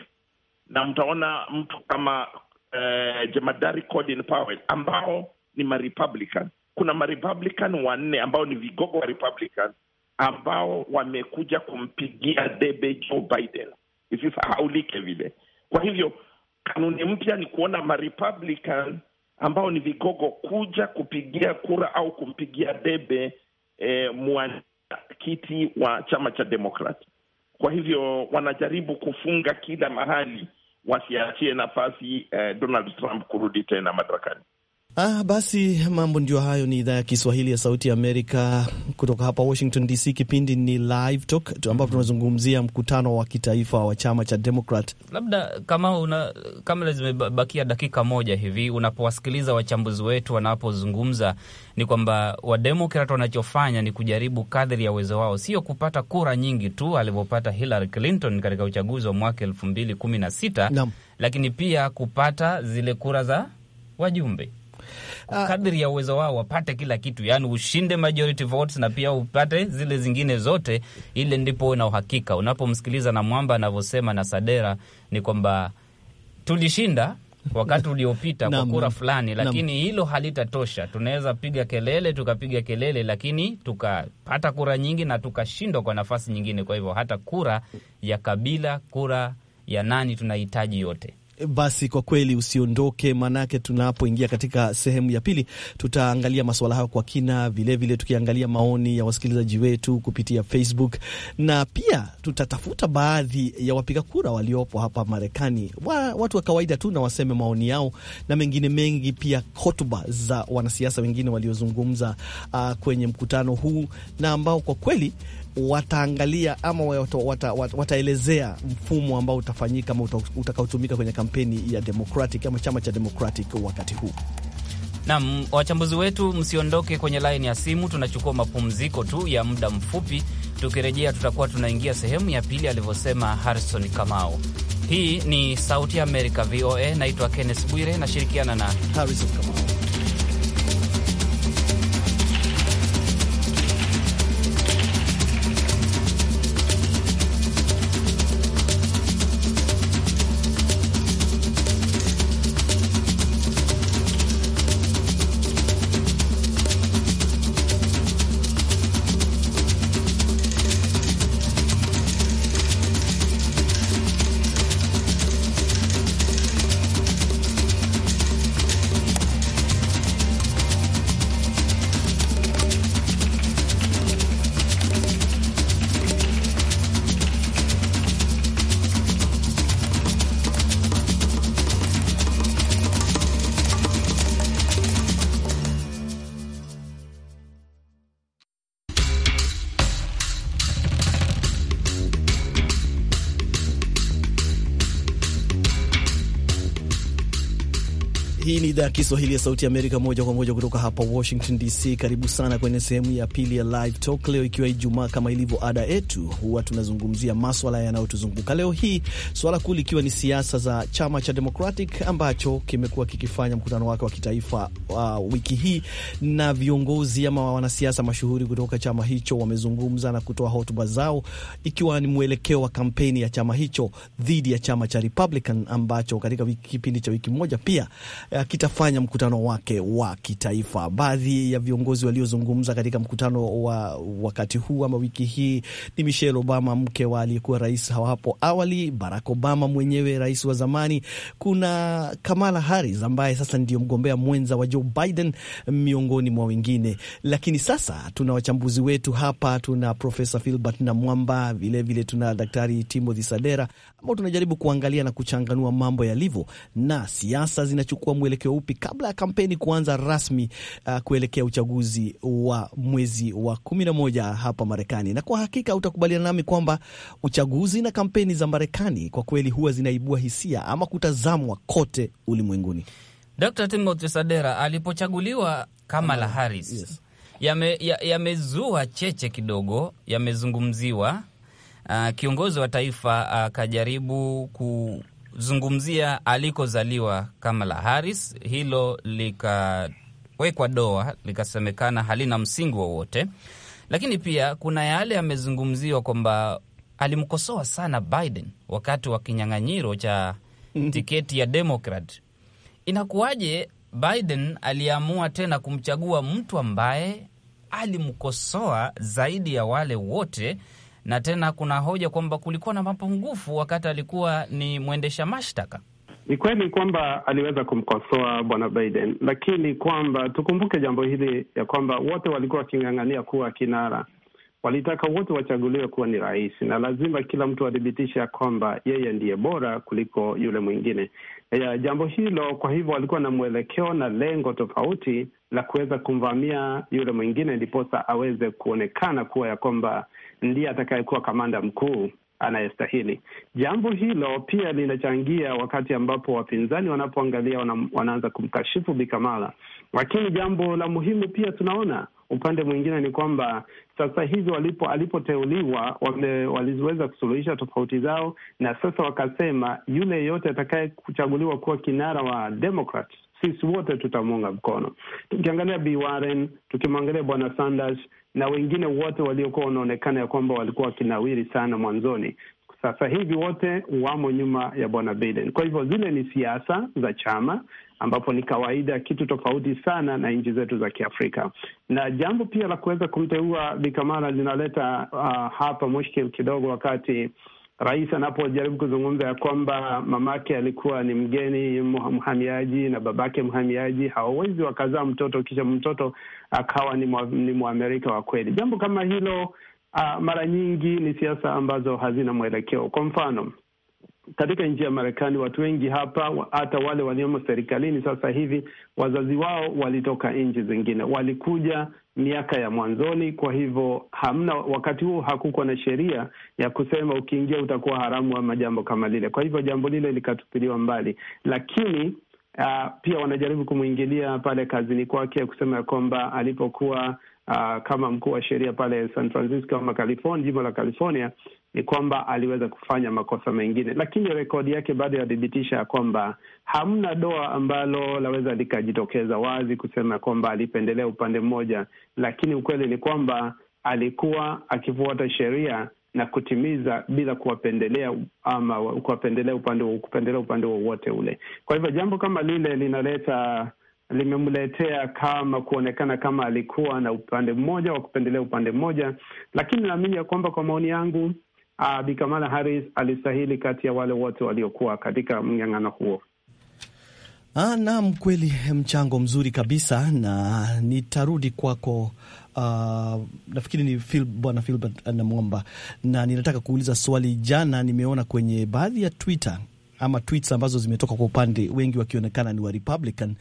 na mtaona mtu kama uh, jemadari Colin Powell ambao ni marepublican. Kuna marepublican wanne ambao ni vigogo wa Republican ambao wamekuja kumpigia debe Joe Biden, isisahaulike vile. Kwa hivyo kanuni mpya ni kuona marepublican ambao ni vigogo kuja kupigia kura au kumpigia debe eh, mwanakiti wa chama cha Demokrat. Kwa hivyo wanajaribu kufunga kila mahali wasiachie nafasi eh, Donald Trump kurudi tena madarakani. Ah, basi mambo ndio hayo. Ni idhaa ya Kiswahili ya Sauti ya Amerika kutoka hapa Washington DC. Kipindi ni Live Talk tu, ambapo tunazungumzia mkutano wa kitaifa wa chama cha Democrat. Labda kama una kamera zimebakia dakika moja hivi, unapowasikiliza wachambuzi wetu wanapozungumza, ni kwamba Wademokrat wanachofanya ni kujaribu kadri ya uwezo wao, sio kupata kura nyingi tu alivyopata Hillary Clinton katika uchaguzi wa mwaka elfu mbili kumi na sita, lakini pia kupata zile kura za wajumbe Uh, kadri ya uwezo wao wapate kila kitu, yani ushinde majority votes na pia upate zile zingine zote, ile ndipo na uhakika. Unapomsikiliza na mwamba anavyosema na Sadera ni kwamba tulishinda wakati uliopita kwa kura fulani, lakini hilo halitatosha. Tunaweza piga kelele tukapiga kelele, lakini tukapata kura nyingi na tukashindwa kwa nafasi nyingine. Kwa hivyo hata kura ya kabila, kura ya nani tunahitaji yote basi kwa kweli usiondoke, maanake tunapoingia katika sehemu ya pili tutaangalia masuala hayo kwa kina, vilevile tukiangalia maoni ya wasikilizaji wetu kupitia Facebook na pia tutatafuta baadhi ya wapiga kura waliopo hapa Marekani wa, watu wa kawaida tu na waseme maoni yao na mengine mengi, pia hotuba za wanasiasa wengine waliozungumza uh, kwenye mkutano huu na ambao kwa kweli wataangalia ama wata, wata, wataelezea mfumo ambao utafanyika ama utakaotumika kwenye kampeni ya Democratic ama chama cha Democratic wakati huu. nam wachambuzi wetu msiondoke kwenye laini ya simu, tunachukua mapumziko tu ya muda mfupi. Tukirejea tutakuwa tunaingia sehemu ya pili, alivyosema Harrison Kamau. Hii ni Sauti ya Amerika, VOA. Naitwa Kenneth Bwire, nashirikiana na Harrison Kamau. Hii ni idhaa ya Kiswahili ya Sauti ya Amerika, moja kwa moja kutoka hapa Washington DC. Karibu sana kwenye sehemu ya pili ya Live Talk leo, ikiwa Ijumaa. Kama ilivyo ada yetu, huwa tunazungumzia maswala yanayotuzunguka. Leo hii swala kuu likiwa ni siasa za chama cha Democratic ambacho kimekuwa kikifanya mkutano wake wa kitaifa uh, wiki hii, na viongozi ama wanasiasa mashuhuri kutoka chama hicho wamezungumza na kutoa hotuba zao, ikiwa ni mwelekeo wa kampeni ya chama hicho dhidi ya chama cha Republican ambacho katika kipindi cha wiki moja pia uh, kitafanya mkutano wake wa kitaifa. Baadhi ya viongozi waliozungumza katika mkutano wa wakati huu ama wiki hii ni Michelle Obama, mke wa aliyekuwa rais hapo awali, Barack Obama mwenyewe, rais wa zamani. Kuna Kamala Harris ambaye sasa ndiyo mgombea mwenza wa Joe Biden, miongoni mwa wengine. Lakini sasa tuna wachambuzi wetu hapa, tuna Profesa Filbert na Mwamba, vilevile tuna Daktari Timothy Sadera ambao tunajaribu kuangalia na kuchanganua mambo yalivyo na siasa zinachukua mwele mwelekeo upi kabla ya kampeni kuanza rasmi uh, kuelekea uchaguzi wa mwezi wa kumi na moja hapa Marekani. Na kwa hakika utakubaliana nami kwamba uchaguzi na kampeni za Marekani kwa kweli huwa zinaibua hisia ama kutazamwa kote ulimwenguni. Dr. Timothy Sadera alipochaguliwa Kamala Harris, yes. Yamezua ya, ya cheche kidogo, yamezungumziwa. Uh, kiongozi wa taifa akajaribu uh, ku zungumzia alikozaliwa Kamala Harris, hilo likawekwa doa, likasemekana halina msingi wowote. Lakini pia kuna yale yamezungumziwa kwamba alimkosoa sana Biden wakati wa kinyang'anyiro cha mhm. tiketi ya Demokrat. Inakuwaje Biden aliamua tena kumchagua mtu ambaye alimkosoa zaidi ya wale wote na tena kuna hoja kwamba kulikuwa na mapungufu wakati alikuwa ni mwendesha mashtaka. Ni kweli kwamba aliweza kumkosoa bwana Biden, lakini kwamba tukumbuke jambo hili ya kwamba wote walikuwa waking'ang'ania kuwa kinara, walitaka wote wachaguliwe kuwa ni rais, na lazima kila mtu athibitisha kwamba yeye ndiye bora kuliko yule mwingine ya jambo hilo. Kwa hivyo walikuwa na mwelekeo na lengo tofauti la kuweza kumvamia yule mwingine, ndiposa aweze kuonekana kuwa ya kwamba ndiye atakayekuwa kamanda mkuu anayestahili. Jambo hilo pia linachangia wakati ambapo wapinzani wanapoangalia wana, wanaanza kumkashifu Bikamala. Lakini jambo la muhimu pia tunaona upande mwingine ni kwamba sasa hivi walipo alipoteuliwa waliweza kusuluhisha tofauti zao, na sasa wakasema yule yeyote atakaye kuchaguliwa kuwa kinara wa Democrat sisi wote tutamuunga mkono. Tukiangalia Bi Warren, tukimwangalia Bwana Sanders, na wengine wote waliokuwa wanaonekana ya kwamba walikuwa wakinawiri sana mwanzoni, sasa hivi wote wamo nyuma ya bwana Biden. Kwa hivyo zile ni siasa za chama, ambapo ni kawaida, kitu tofauti sana na nchi zetu za Kiafrika. Na jambo pia la kuweza kumteua bikamara linaleta uh, hapa mushkil kidogo wakati rais anapojaribu kuzungumza ya kwamba mamake alikuwa ni mgeni mhamiaji na babake mhamiaji, hawawezi wakazaa mtoto kisha mtoto akawa ni mwamerika wa kweli. Jambo kama hilo uh, mara nyingi ni siasa ambazo hazina mwelekeo. Kwa mfano katika nchi ya Marekani watu wengi hapa, hata wale waliomo serikalini sasa hivi, wazazi wao walitoka nchi zingine, walikuja miaka ya mwanzoni. Kwa hivyo hamna, wakati huo hakukuwa na sheria ya kusema ukiingia utakuwa haramu ama jambo kama lile. Kwa hivyo jambo lile likatupiliwa mbali, lakini Uh, pia wanajaribu kumwingilia pale kazini kwake kusema ya kwamba alipokuwa uh, kama mkuu wa sheria pale San Francisco ama California, jimbo la California, ni kwamba aliweza kufanya makosa mengine, lakini rekodi yake bado yathibitisha ya kwamba hamna doa ambalo laweza likajitokeza wazi kusema kwamba alipendelea upande mmoja, lakini ukweli ni kwamba alikuwa akifuata sheria na kutimiza bila kuwapendelea ama kuwapendelea upande kupendelea upande wowote ule. Kwa hivyo jambo kama lile linaleta limemletea kama kuonekana kama alikuwa na upande mmoja wa kupendelea upande mmoja, lakini naamini ya kwamba kwa maoni yangu uh, Bi Kamala Harris alistahili kati ya wale wote waliokuwa katika mnyang'ano huo. Ah, naam, kweli mchango mzuri kabisa, na nitarudi kwako. Uh, nafikiri ni Phil, bwana Filbert na na ninataka kuuliza swali. Jana nimeona kwenye baadhi ya Twitter ama tweets ambazo zimetoka kwa upande wengi wakionekana ni wa Republican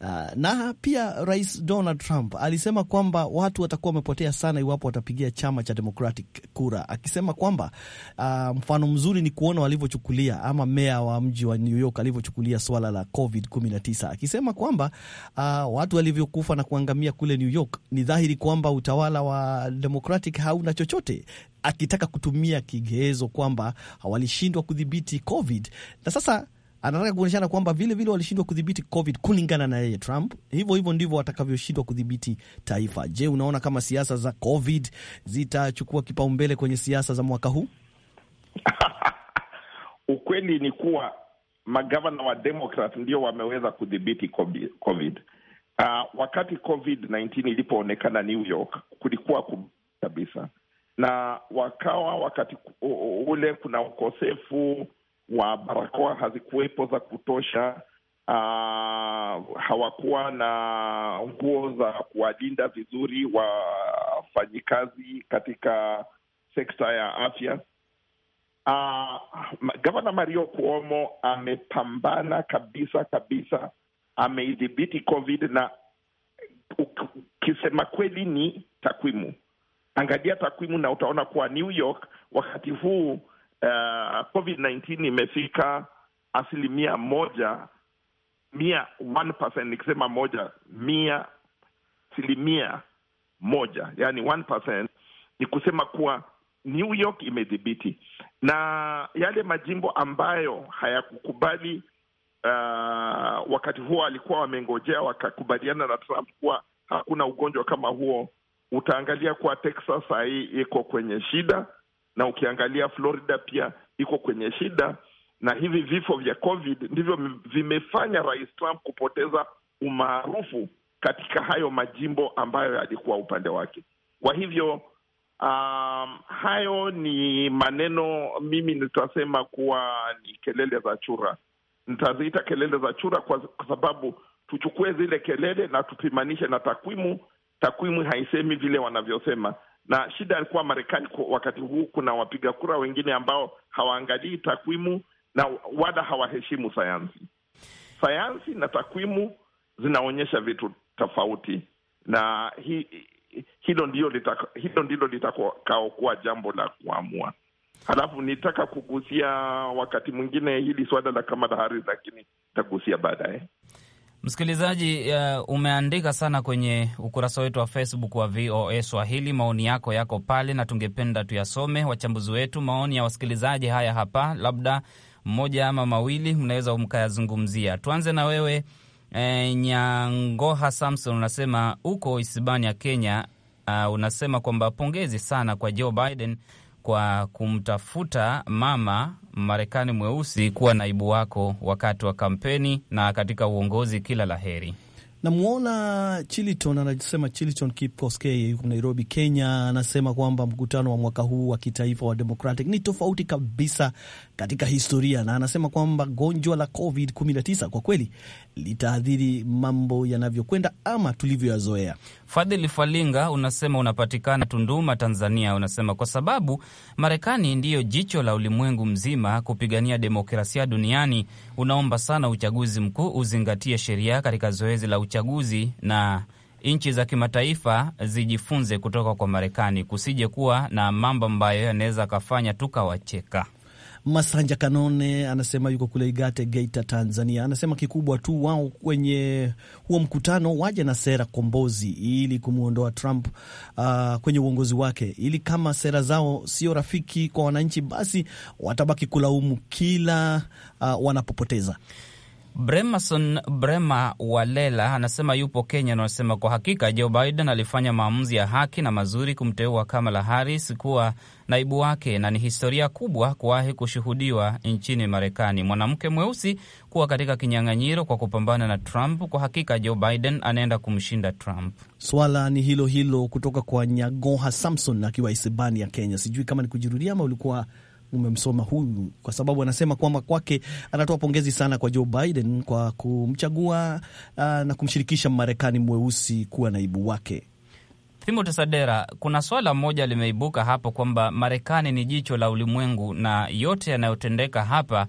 Ah, na pia Rais Donald Trump alisema kwamba watu watakuwa wamepotea sana iwapo watapigia chama cha Democratic kura, akisema kwamba uh, mfano mzuri ni kuona walivyochukulia ama meya wa mji wa New York alivyochukulia swala la COVID 19, akisema kwamba uh, watu walivyokufa na kuangamia kule New York, ni dhahiri kwamba utawala wa Democratic hauna chochote akitaka kutumia kigezo kwamba walishindwa kudhibiti COVID na sasa anataka kuonyeshana kwamba vile vile walishindwa kudhibiti COVID kulingana na yeye Trump, hivyo hivyo ndivyo watakavyoshindwa kudhibiti taifa. Je, unaona kama siasa za COVID zitachukua kipaumbele kwenye siasa za mwaka huu? Ukweli ni kuwa magavana wa Demokrat ndio wameweza kudhibiti COVID. Uh, wakati COVID-19 ilipoonekana New York kulikuwa kabisa na wakawa wakati ule kuna ukosefu wa barakoa hazikuwepo za kutosha. Uh, hawakuwa na nguo za kuwalinda vizuri wafanyikazi katika sekta ya afya. Uh, ah, gavana Mario Cuomo amepambana kabisa kabisa, ameidhibiti COVID na ukisema kweli ni takwimu. Angalia takwimu na utaona kuwa New York wakati huu uh, covid 19 imefika asilimia moja mia nikisema moja mia asilimia moja yani percent ni kusema kuwa New York imedhibiti na yale majimbo ambayo hayakukubali uh, wakati huo walikuwa wamengojea wakakubaliana na Trump kuwa hakuna ugonjwa kama huo. Utaangalia kuwa Texas sahii iko kwenye shida na ukiangalia Florida pia iko kwenye shida, na hivi vifo vya COVID ndivyo vimefanya Rais Trump kupoteza umaarufu katika hayo majimbo ambayo yalikuwa upande wake. Kwa hivyo um, hayo ni maneno, mimi nitasema kuwa ni kelele za chura. Nitaziita kelele za chura kwa, kwa sababu tuchukue zile kelele na tupimanishe na takwimu. Takwimu haisemi vile wanavyosema na shida alikuwa Marekani wakati huu, kuna wapiga kura wengine ambao hawaangalii takwimu na wala hawaheshimu sayansi. Sayansi na takwimu zinaonyesha vitu tofauti, na hi, hilo ndilo litakaokuwa jambo la kuamua. Halafu nitaka kugusia wakati mwingine hili suala la Kamala Harris, lakini nitagusia baadaye. Msikilizaji uh, umeandika sana kwenye ukurasa wetu wa Facebook wa VOA Swahili. Maoni yako yako pale na tungependa tuyasome, wachambuzi wetu. Maoni ya wasikilizaji haya hapa, labda mmoja ama mawili mnaweza mkayazungumzia. Tuanze na wewe e, Nyangoha Samson, unasema uko Hispania, Kenya. Uh, unasema kwamba pongezi sana kwa Joe Biden kwa kumtafuta mama Marekani mweusi kuwa naibu wako wakati wa kampeni na katika uongozi. Kila la heri. Namwona Chiliton anasema, Chiliton Kipkoskei yuko Nairobi, Kenya, anasema kwamba mkutano wa mwaka huu wa kitaifa wa Democratic ni tofauti kabisa katika historia, na anasema kwamba gonjwa la COVID-19 kwa kweli litaathiri mambo yanavyokwenda ama tulivyoyazoea. Fadhili Falinga unasema unapatikana Tunduma, Tanzania. Unasema kwa sababu Marekani ndiyo jicho la ulimwengu mzima kupigania demokrasia duniani, unaomba sana uchaguzi mkuu uzingatie sheria katika zoezi la uchaguzi na nchi za kimataifa zijifunze kutoka kwa Marekani, kusije kuwa na mambo ambayo yanaweza akafanya tukawacheka. Masanja Kanone anasema yuko kule Igate, Geita, Tanzania. Anasema kikubwa tu wao kwenye huo mkutano waje na sera kombozi ili kumwondoa Trump uh, kwenye uongozi wake, ili kama sera zao sio rafiki kwa wananchi, basi watabaki kulaumu kila uh, wanapopoteza Bremerson Brema Walela anasema yupo Kenya na anasema kwa hakika Joe Biden alifanya maamuzi ya haki na mazuri kumteua Kamala Harris kuwa naibu wake na ni historia kubwa kuwahi kushuhudiwa nchini Marekani, mwanamke mweusi kuwa katika kinyang'anyiro kwa kupambana na Trump. Kwa hakika Joe Biden anaenda kumshinda Trump. Swala ni hilo hilo kutoka kwa Nyagoha Samson akiwa Isebani ya Kenya. Sijui kama ni kujirudia ama ulikuwa umemsoma huyu, kwa sababu anasema kwamba kwake anatoa pongezi sana kwa Joe Biden kwa kumchagua uh, na kumshirikisha Marekani mweusi kuwa naibu wake. Timothy Sadera, kuna swala moja limeibuka hapo kwamba Marekani ni jicho la ulimwengu na yote yanayotendeka hapa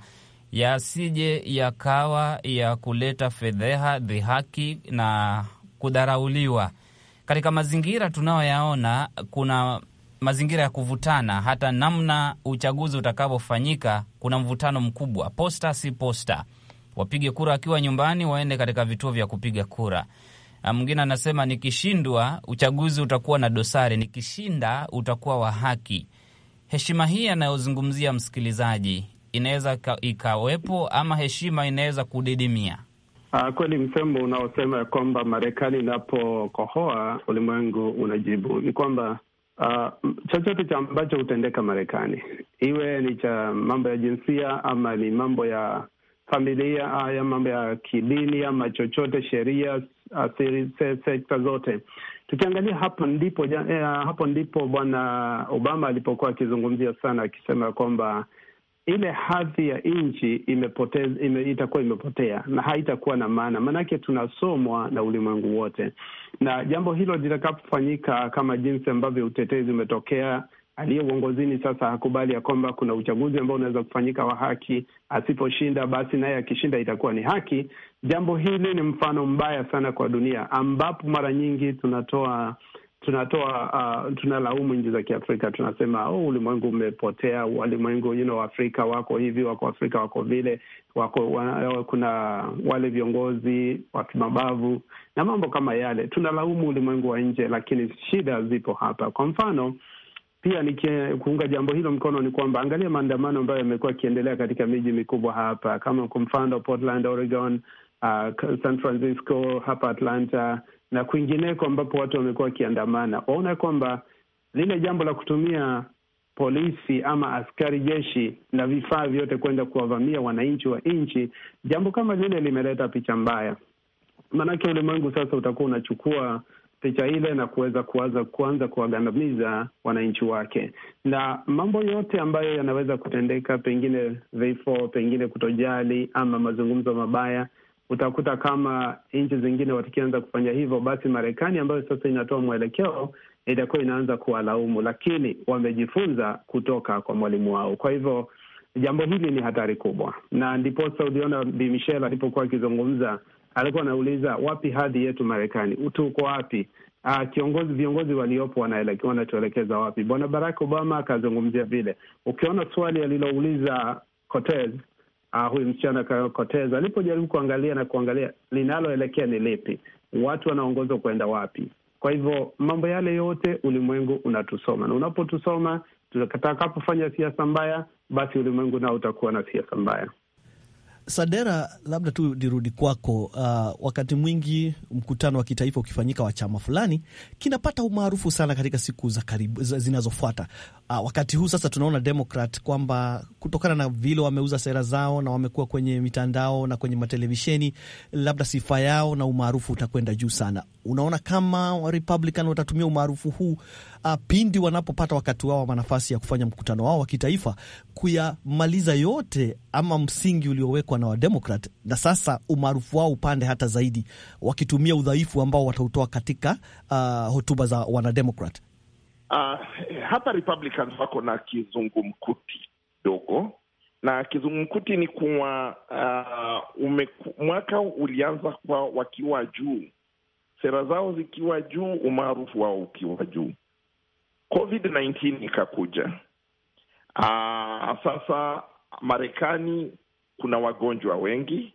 yasije yakawa ya kuleta fedheha, dhihaki na kudharauliwa. Katika mazingira tunayoyaona, kuna mazingira ya kuvutana, hata namna uchaguzi utakavyofanyika, kuna mvutano mkubwa. Posta si posta, wapige kura wakiwa nyumbani, waende katika vituo vya kupiga kura. Mwingine anasema nikishindwa uchaguzi utakuwa na dosari, nikishinda utakuwa wa haki. Heshima hii anayozungumzia msikilizaji inaweza ikawepo ama heshima inaweza kudidimia. Uh, kweli msemo unaosema ya kwamba Marekani inapokohoa ulimwengu unajibu, ni kwamba Uh, chochote cha ambacho hutendeka Marekani, iwe ni cha mambo ya jinsia ama ni mambo ya familia haya uh, mambo ya kidini ama chochote, sheria, sekta zote. Tukiangalia hapo ndipo, eh, hapo ndipo Bwana Obama alipokuwa akizungumzia sana, akisema kwamba ile hadhi ya nchi ime, itakuwa imepotea na haitakuwa na maana, maanake tunasomwa na ulimwengu wote, na jambo hilo litakapofanyika kama jinsi ambavyo utetezi umetokea aliye uongozini sasa hakubali ya kwamba kuna uchaguzi ambao unaweza kufanyika wa haki, asiposhinda basi naye akishinda itakuwa ni haki. Jambo hili ni mfano mbaya sana kwa dunia, ambapo mara nyingi tunatoa tunatoa uh, tunalaumu nchi za Kiafrika, tunasema oh, ulimwengu umepotea, walimwengu you know, Afrika wako hivi, wako Afrika wako vile, wako wa, kuna wale viongozi wa kimabavu na mambo kama yale. Tunalaumu ulimwengu wa nje, lakini shida zipo hapa. Kwa mfano pia nikiunga jambo hilo mkono ni kwamba angalia maandamano ambayo yamekuwa yakiendelea katika miji mikubwa hapa, kama kwa mfano Portland, Oregon, uh, San Francisco, hapa Atlanta na kwingineko ambapo watu wamekuwa wakiandamana, waona kwamba lile jambo la kutumia polisi ama askari jeshi na vifaa vyote kwenda kuwavamia wananchi wa nchi, jambo kama lile limeleta picha mbaya. Maanake ulimwengu sasa utakuwa unachukua picha ile na kuweza kuanza kuanza kuwagandamiza wananchi wake, na mambo yote ambayo yanaweza kutendeka, pengine vifo, pengine kutojali ama mazungumzo mabaya, utakuta kama nchi zingine wakianza kufanya hivyo, basi Marekani ambayo sasa inatoa mwelekeo itakuwa inaanza kuwalaumu, lakini wamejifunza kutoka kwa mwalimu wao. Kwa hivyo jambo hili ni hatari kubwa, na ndiposa uliona Bi alipokuwa akizungumza alikuwa anauliza wapi hadhi yetu Marekani, tuko wapi? Uh, kiongozi viongozi waliopo wanatuelekeza wapi? Bwana Barack Obama akazungumzia vile. Ukiona swali alilouliza Cortez uh, huyu msichana akakoteza alipojaribu kuangalia na kuangalia linaloelekea ni lipi, watu wanaongozwa kwenda wapi. Kwa hivyo mambo yale yote ulimwengu unatusoma, na unapotusoma, tutakapofanya siasa mbaya, basi ulimwengu nao utakuwa na siasa mbaya. Sadera, labda tu nirudi kwako. Uh, wakati mwingi mkutano wa kitaifa ukifanyika wa chama fulani kinapata umaarufu sana katika siku za karibu zinazofuata. Uh, wakati huu sasa tunaona Demokrat kwamba kutokana na vile wameuza sera zao na wamekuwa kwenye mitandao na kwenye matelevisheni, labda sifa yao na umaarufu utakwenda juu sana. Unaona kama Republican watatumia umaarufu huu Ah, pindi wanapopata wakati wao ama nafasi ya kufanya mkutano wao wa kitaifa kuyamaliza yote ama msingi uliowekwa na Wademokrat, na sasa umaarufu wao upande hata zaidi, wakitumia udhaifu ambao watautoa katika uh, hotuba za Wanademokrat. Uh, ah, hapa Republicans wako na kizungumkuti dogo na kizungumkuti ni kuwa uh, umeku, mwaka ulianza kwa wakiwa juu, sera zao zikiwa juu, umaarufu wao ukiwa juu. COVID-19 ikakuja. Aa, ah, sasa Marekani kuna wagonjwa wengi,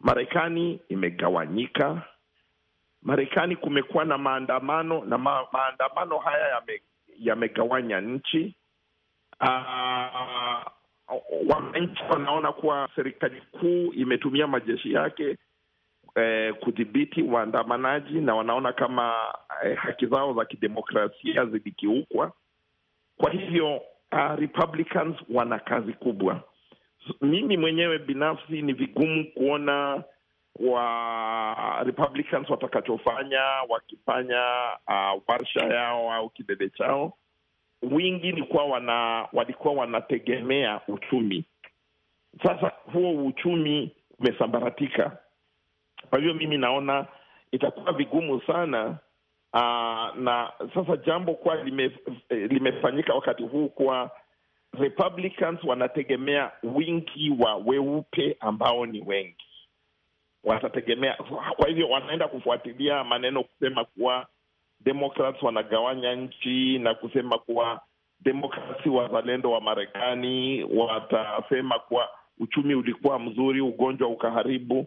Marekani imegawanyika, Marekani kumekuwa na maandamano na ma, maandamano haya yamegawanya nchi. Ah, wananchi wanaona kuwa serikali kuu imetumia majeshi yake eh, kudhibiti waandamanaji na wanaona kama eh, haki zao za kidemokrasia zilikiukwa. Kwa hivyo uh, Republicans wana kazi kubwa. Mimi mwenyewe binafsi ni vigumu kuona wa Republicans watakachofanya wakifanya uh, warsha yao au kidede chao. Wingi ni kuwa wana, walikuwa wanategemea uchumi. Sasa huo uchumi umesambaratika kwa hivyo mimi naona itakuwa vigumu sana aa, ah, na sasa jambo kuwa lime, eh, limefanyika wakati huu kuwa Republicans wanategemea wingi wa weupe ambao ni wengi watategemea. Kwa hivyo wanaenda kufuatilia maneno kusema kuwa Democrats wanagawanya nchi na kusema kuwa demokrasi wazalendo wa Marekani watasema kuwa uchumi ulikuwa mzuri, ugonjwa ukaharibu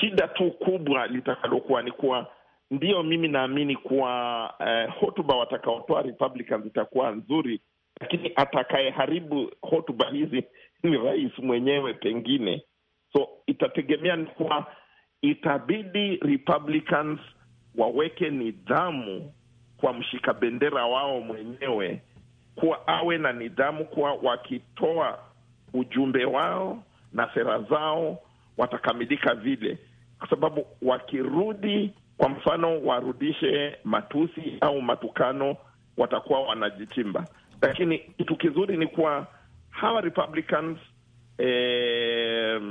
shida tu kubwa litakalokuwa ni kuwa ndiyo, mimi naamini kuwa eh, hotuba watakaotoa Republicans itakuwa nzuri, lakini atakayeharibu hotuba hizi ni rais mwenyewe pengine. So itategemea ni kuwa itabidi Republicans waweke nidhamu kwa mshika bendera wao mwenyewe, kuwa awe na nidhamu kuwa wakitoa ujumbe wao na sera zao watakamilika vile, kwa sababu wakirudi, kwa mfano, warudishe matusi au matukano, watakuwa wanajichimba. Lakini kitu kizuri ni kuwa hawa Republicans eh,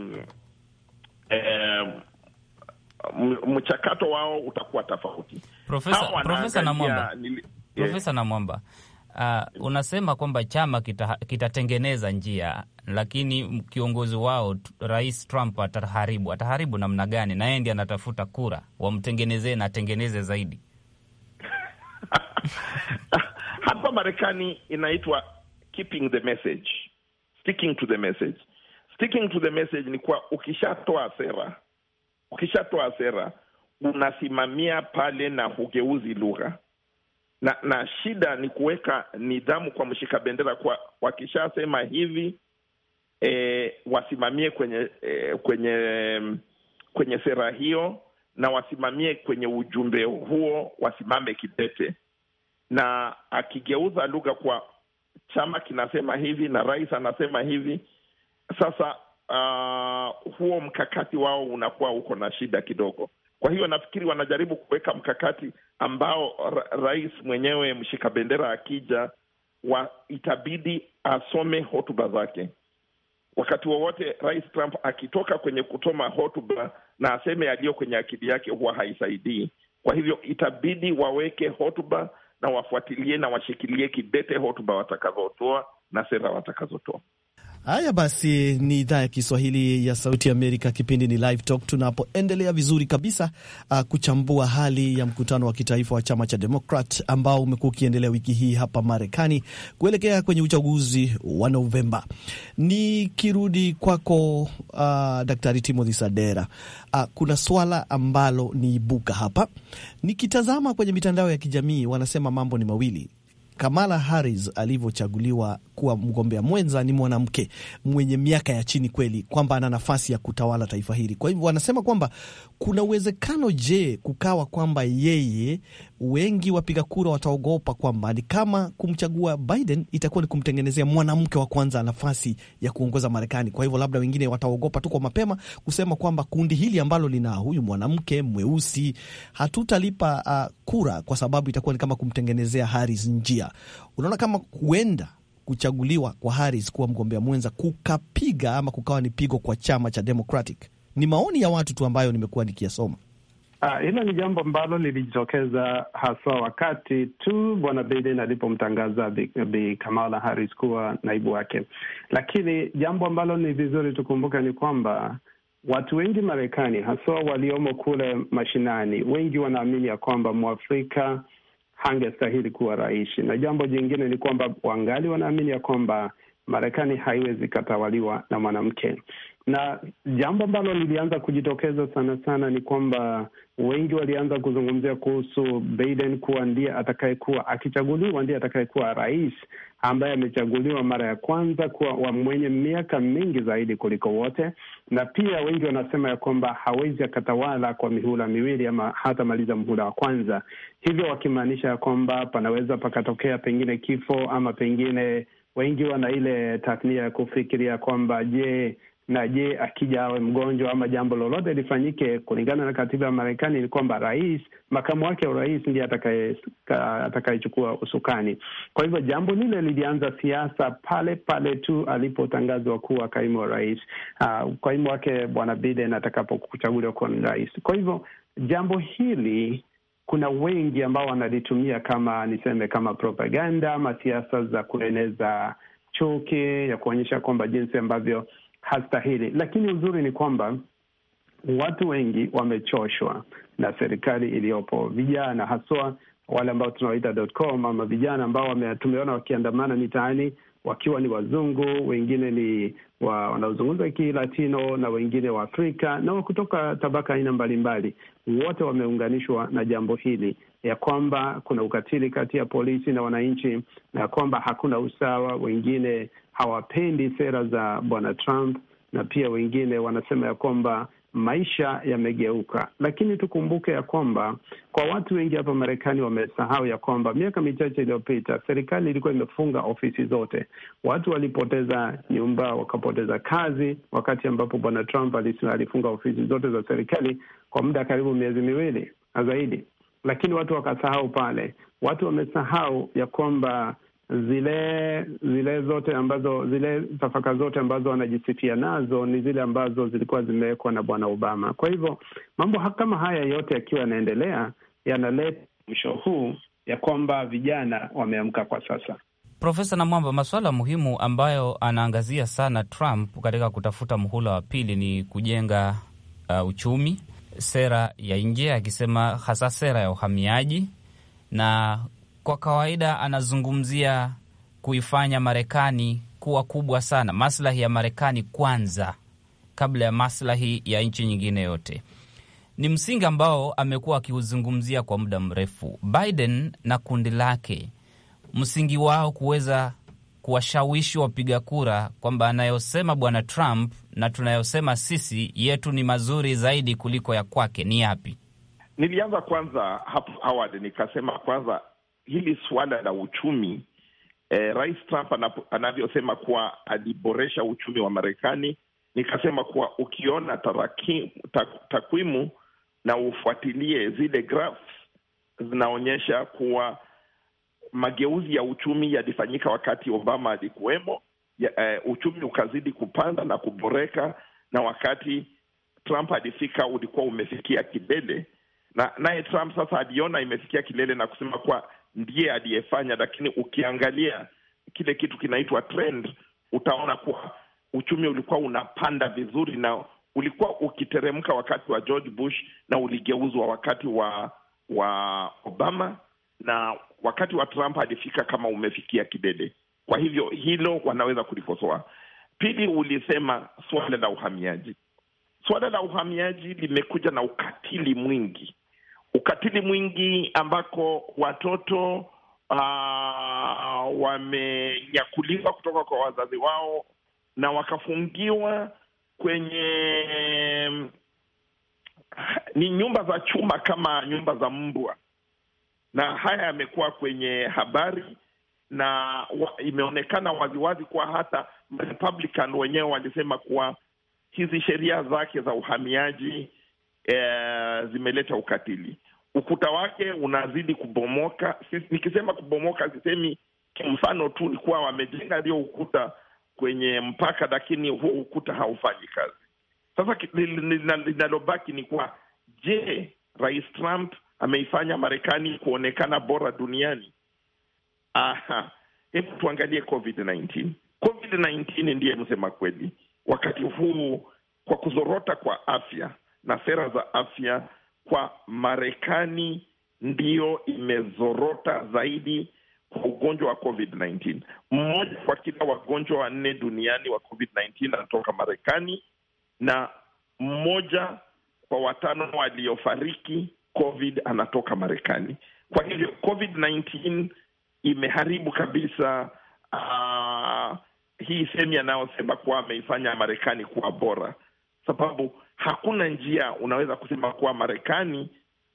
eh, mchakato wao utakuwa tofauti. Profesa Namwamba, Profesa Namwamba Uh, unasema kwamba chama kitatengeneza kita njia, lakini kiongozi wao Rais Trump ataharibu. Ataharibu namna gani? Na yeye ndiye anatafuta kura, wamtengenezee na atengeneze zaidi. Hapa Marekani inaitwa keeping the message, sticking to the message. Sticking to the message ni kuwa ukishatoa sera, ukishatoa sera unasimamia pale na hugeuzi lugha na na shida ni kuweka nidhamu kwa mshika bendera, kwa wakishasema hivi e, wasimamie kwenye e, kwenye kwenye sera hiyo na wasimamie kwenye ujumbe huo, wasimame kidete. Na akigeuza lugha kwa chama kinasema hivi na rais anasema hivi, sasa uh, huo mkakati wao unakuwa uko na shida kidogo. Kwa hiyo nafikiri wanajaribu kuweka mkakati ambao rais mwenyewe mshika bendera akija wa, itabidi asome hotuba zake wakati wowote rais Trump akitoka kwenye kusoma hotuba na aseme yaliyo kwenye akili yake huwa haisaidii. Kwa hivyo itabidi waweke hotuba na wafuatilie na washikilie kidete hotuba watakazotoa na sera watakazotoa. Haya basi, ni idhaa ya Kiswahili ya Sauti ya Amerika, kipindi ni Live Talk, tunapoendelea vizuri kabisa uh, kuchambua hali ya mkutano wa kitaifa wa chama cha Demokrat ambao umekuwa ukiendelea wiki hii hapa Marekani kuelekea kwenye uchaguzi wa Novemba. Nikirudi kwako, uh, Daktari Timothy Sadera, uh, kuna swala ambalo niibuka hapa nikitazama kwenye mitandao ya kijamii, wanasema mambo ni mawili Kamala Harris alivyochaguliwa kuwa mgombea mwenza ni mwanamke mwenye miaka ya chini kweli, kwamba ana nafasi ya kutawala taifa hili. Kwa hivyo wanasema kwamba kuna uwezekano, je, kukawa kwamba yeye, wengi wapiga kura wataogopa kwamba ni kama kumchagua Biden itakuwa ni kumtengenezea mwanamke wa kwanza nafasi ya kuongoza Marekani. Kwa hivyo labda wengine wataogopa tu kwa mapema kusema kwamba kundi hili ambalo lina huyu mwanamke mweusi hatutalipa uh, kura kwa sababu itakuwa ni kama kumtengenezea Harris njia Unaona kama huenda kuchaguliwa kwa Harris kuwa mgombea mwenza kukapiga ama kukawa ni pigo kwa chama cha Democratic? Ni maoni ya watu tu ambayo nimekuwa nikiyasoma. Ah, hilo ni jambo ambalo lilijitokeza haswa wakati tu bwana Biden alipomtangaza Bi, Bi Kamala Harris kuwa naibu wake. Lakini jambo ambalo ni vizuri tukumbuke ni kwamba watu wengi Marekani, haswa waliomo kule mashinani, wengi wanaamini ya kwamba mwafrika hangestahili kuwa rais. Na jambo jingine ni kwamba wangali wanaamini ya kwamba Marekani haiwezi ikatawaliwa na mwanamke na jambo ambalo lilianza kujitokeza sana sana ni kwamba wengi walianza kuzungumzia kuhusu Biden kuwa ndiye atakayekuwa akichaguliwa, ndiye atakayekuwa rais ambaye amechaguliwa mara ya kwanza kuwa wa mwenye miaka mingi zaidi kuliko wote, na pia wengi wanasema ya kwamba hawezi akatawala kwa mihula miwili ama hata maliza mhula wa kwanza, hivyo wakimaanisha ya kwamba panaweza pakatokea pengine kifo ama pengine wengi wana ile tathnia ya kufikiria kwamba je, na je, akija awe mgonjwa ama jambo lolote lifanyike, kulingana na katiba ya Marekani ni kwamba rais, makamu wake wa rais ndiye atakayechukua usukani. Kwa hivyo jambo lile lilianza siasa pale pale tu alipotangazwa kuwa kaimu wa rais, uh, ah, kaimu wake bwana Biden atakapochaguliwa kuwa ni rais. Kwa hivyo jambo hili kuna wengi ambao wanalitumia kama niseme, kama propaganda ama siasa za kueneza chuki, ya kuonyesha kwamba jinsi ambavyo hastahili. Lakini uzuri ni kwamba watu wengi wamechoshwa na serikali iliyopo, vijana haswa wale ambao tunawaita ama vijana ambao tumeona wakiandamana mitaani wakiwa ni wazungu, wengine ni wa, wanaozungumza Kilatino na wengine wa Afrika na kutoka tabaka aina mbalimbali, wote wameunganishwa na jambo hili ya kwamba kuna ukatili kati ya polisi na wananchi, na kwamba hakuna usawa, wengine hawapendi sera za bwana Trump, na pia wengine wanasema ya kwamba maisha yamegeuka. Lakini tukumbuke ya kwamba kwa watu wengi hapa Marekani wamesahau ya kwamba miaka michache iliyopita serikali ilikuwa imefunga ofisi zote, watu walipoteza nyumba, wakapoteza kazi, wakati ambapo bwana Trump alifunga ofisi zote za serikali kwa muda karibu miezi miwili na zaidi. Lakini watu wakasahau pale, watu wamesahau ya kwamba zile zile zote ambazo zile tafaka zote ambazo wanajisifia nazo ni zile ambazo zilikuwa zimewekwa na bwana Obama. Kwa hivyo mambo kama haya yote yakiwa yanaendelea, yanaleta mwisho huu ya kwamba vijana wameamka kwa sasa. Profesa Namwamba, masuala muhimu ambayo anaangazia sana Trump katika kutafuta muhula wa pili ni kujenga uh, uchumi, sera ya nje, akisema hasa sera ya uhamiaji na kwa kawaida anazungumzia kuifanya Marekani kuwa kubwa sana, maslahi ya Marekani kwanza kabla ya maslahi ya nchi nyingine yote. Ni msingi ambao amekuwa akiuzungumzia kwa muda mrefu. Biden na kundi lake, msingi wao kuweza kuwashawishi wapiga kura kwamba anayosema bwana Trump na tunayosema sisi yetu ni mazuri zaidi kuliko ya kwake ni yapi? Nilianza kwanza hapo awali nikasema, kwanza hili suala la uchumi eh, Rais Trump anavyosema kuwa aliboresha uchumi wa Marekani, nikasema kuwa ukiona takwimu na ufuatilie zile graphs zinaonyesha kuwa mageuzi ya uchumi yalifanyika wakati Obama alikuwemo eh, uchumi ukazidi kupanda na kuboreka, na wakati Trump alifika ulikuwa umefikia kilele, na naye Trump sasa aliona imefikia kilele na kusema kuwa ndiye aliyefanya, lakini ukiangalia kile kitu kinaitwa trend, utaona kuwa uchumi ulikuwa unapanda vizuri na ulikuwa ukiteremka wakati wa George Bush na uligeuzwa wakati wa wa Obama na wakati wa Trump alifika kama umefikia kidede. Kwa hivyo hilo wanaweza kulikosoa. Pili, ulisema suala la uhamiaji. Suala la uhamiaji limekuja na ukatili mwingi ukatili mwingi ambako watoto uh, wamenyakuliwa kutoka kwa wazazi wao na wakafungiwa kwenye ni nyumba za chuma kama nyumba za mbwa, na haya yamekuwa kwenye habari na wa, imeonekana waziwazi kuwa hata Republican wenyewe walisema kuwa hizi sheria zake za uhamiaji eh, zimeleta ukatili. Ukuta wake unazidi kubomoka. Sisi, nikisema kubomoka sisemi kimfano tu, ni kuwa wamejenga ndio ukuta kwenye mpaka, lakini huo ukuta haufanyi kazi. Sasa linalobaki ni kuwa je, Rais Trump ameifanya Marekani kuonekana bora duniani? Aha, hebu tuangalie COVID-19. COVID-19 ndiye msema kweli wakati huu kwa kuzorota kwa afya na sera za afya kwa Marekani ndiyo imezorota zaidi kwa ugonjwa wa COVID-19. Mmoja kwa kila wagonjwa wanne duniani wa COVID-19 anatoka Marekani na mmoja kwa watano waliofariki COVID anatoka Marekani. Kwa hivyo COVID-19 imeharibu kabisa uh, hii sehemu yanayosema kuwa ameifanya Marekani kuwa bora, sababu hakuna njia unaweza kusema kuwa Marekani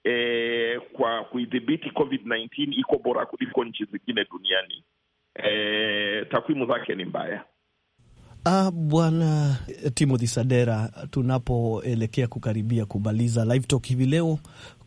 eh, kwa kuidhibiti COVID-19 iko bora kuliko nchi zingine duniani. Eh, takwimu zake ni mbaya. Ah, Bwana Timothy Sadera, tunapoelekea kukaribia kumaliza live talk hivi leo,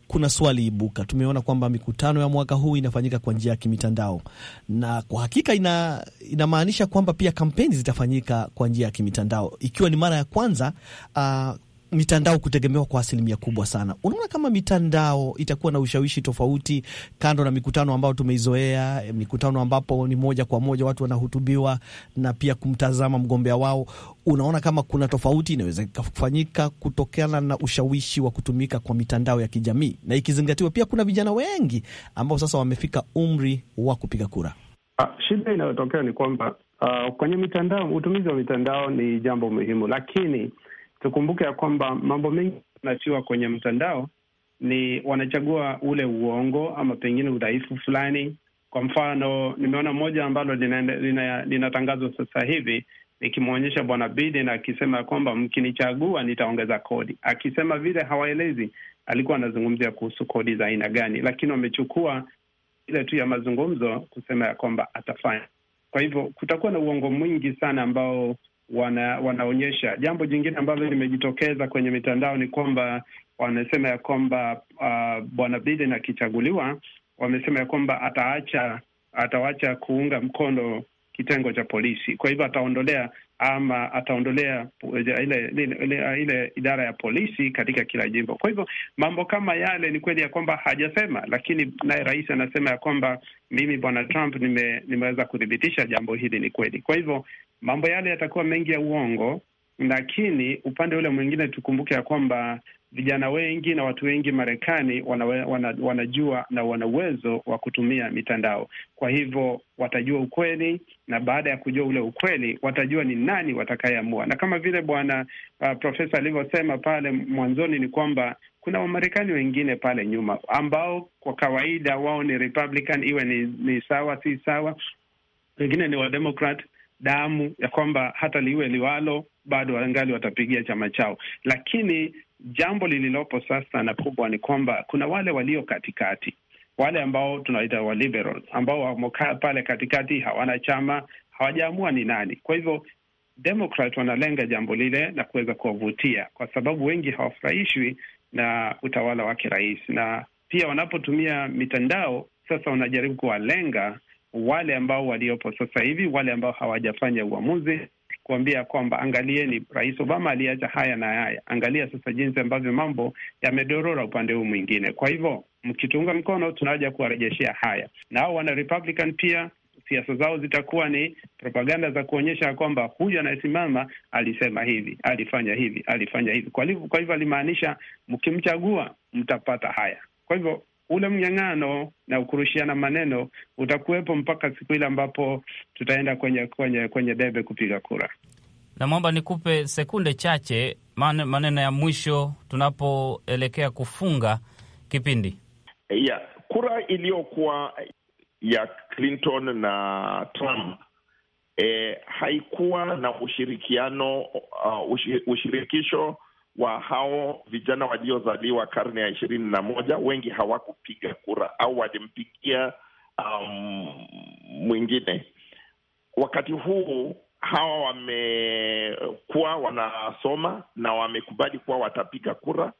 kuna swali ibuka. Tumeona kwamba mikutano ya mwaka huu inafanyika kwa njia ya kimitandao, na kwa hakika ina inamaanisha kwamba pia kampeni zitafanyika kwa njia ya kimitandao, ikiwa ni mara ya kwanza ah, mitandao kutegemewa kwa asilimia kubwa sana. Unaona kama mitandao itakuwa na ushawishi tofauti, kando na mikutano ambayo tumeizoea, eh, mikutano ambapo ni moja kwa moja watu wanahutubiwa na pia kumtazama mgombea wao. Unaona kama kuna tofauti inaweza kufanyika kutokana na ushawishi wa kutumika kwa mitandao ya kijamii, na ikizingatiwa pia kuna vijana wengi ambao sasa wamefika umri wa kupiga kura. Ah, shida inayotokea ni kwamba uh, kwenye mitandao, utumizi wa mitandao ni jambo muhimu, lakini Tukumbuke ya kwamba mambo mengi nafiwa kwenye mtandao ni wanachagua ule uongo ama pengine udhaifu fulani. Kwa mfano, nimeona moja ambalo linatangazwa sasa hivi nikimwonyesha Bwana Biden akisema ya kwamba mkinichagua nitaongeza kodi. Akisema vile hawaelezi alikuwa anazungumzia kuhusu kodi za aina gani, lakini wamechukua ile tu ya mazungumzo kusema ya kwamba atafanya. Kwa hivyo kutakuwa na uongo mwingi sana ambao wana, wanaonyesha. Jambo jingine ambalo limejitokeza kwenye mitandao ni kwamba wanasema ya kwamba uh, bwana Biden akichaguliwa, wamesema ya kwamba ataacha atawacha kuunga mkono kitengo cha polisi, kwa hivyo ataondolea ama ataondolea ile, ile, ile idara ya polisi katika kila jimbo. Kwa hivyo mambo kama yale ni kweli ya kwamba hajasema, lakini naye rais anasema ya kwamba mimi bwana Trump nime, nimeweza kuthibitisha jambo hili ni kweli. Kwa hivyo mambo yale yatakuwa mengi ya uongo, lakini upande ule mwingine tukumbuke ya kwamba vijana wengi na watu wengi Marekani wanawe, wana, wanajua na wana uwezo wa kutumia mitandao. Kwa hivyo watajua ukweli, na baada ya kujua ule ukweli watajua ni nani watakayeamua. Na kama vile bwana uh, profesa alivyosema pale mwanzoni ni kwamba kuna Wamarekani wengine pale nyuma ambao kwa kawaida wao ni Republican, iwe ni, ni sawa si sawa, wengine ni Wademokrat damu ya kwamba hata liwe liwalo bado wangali watapigia chama chao. Lakini jambo lililopo sasa na kubwa ni kwamba kuna wale walio katikati, wale ambao tunawaita wa ambao wamekaa pale katikati, hawana chama, hawajaamua ni nani. Kwa hivyo Democrat wanalenga jambo lile na kuweza kuwavutia, kwa sababu wengi hawafurahishwi na utawala wake rais, na pia wanapotumia mitandao sasa wanajaribu kuwalenga wale ambao waliopo sasa hivi, wale ambao hawajafanya uamuzi, kuambia kwamba angalieni, Rais Obama aliacha haya na haya, angalia sasa jinsi ambavyo mambo yamedorora upande huu mwingine. Kwa hivyo mkitunga mkono, tunawaja kuwarejeshea haya, na wana Republican pia siasa zao zitakuwa ni propaganda za kuonyesha kwamba huyu anayesimama alisema hivi, alifanya hivi, alifanya hivi. Kwa hivyo, kwa hivyo alimaanisha mkimchagua mtapata haya. Kwa hivyo ule mng'ang'ano na ukurushiana maneno utakuwepo mpaka siku ile ambapo tutaenda kwenye kwenye kwenye debe kupiga kura. Namwomba nikupe sekunde chache, maneno ya mwisho tunapoelekea kufunga kipindi. Yeah, kura iliyokuwa ya Clinton na Trump eh, haikuwa na ushirikiano uh, ushirikisho wa hao vijana waliozaliwa karne ya ishirini na moja wengi hawakupiga kura au walimpigia um, mwingine. Wakati huu hawa wamekuwa wanasoma na wamekubali kuwa watapiga kura.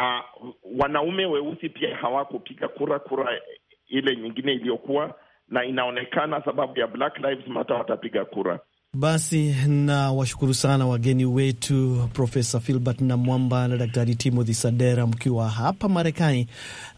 Uh, wanaume weusi pia hawakupiga kura, kura ile nyingine iliyokuwa na inaonekana, sababu ya Black Lives Matter watapiga kura. Basi na washukuru sana wageni wetu Profesa Filbert Namwamba na Daktari Timothy Sadera mkiwa hapa Marekani,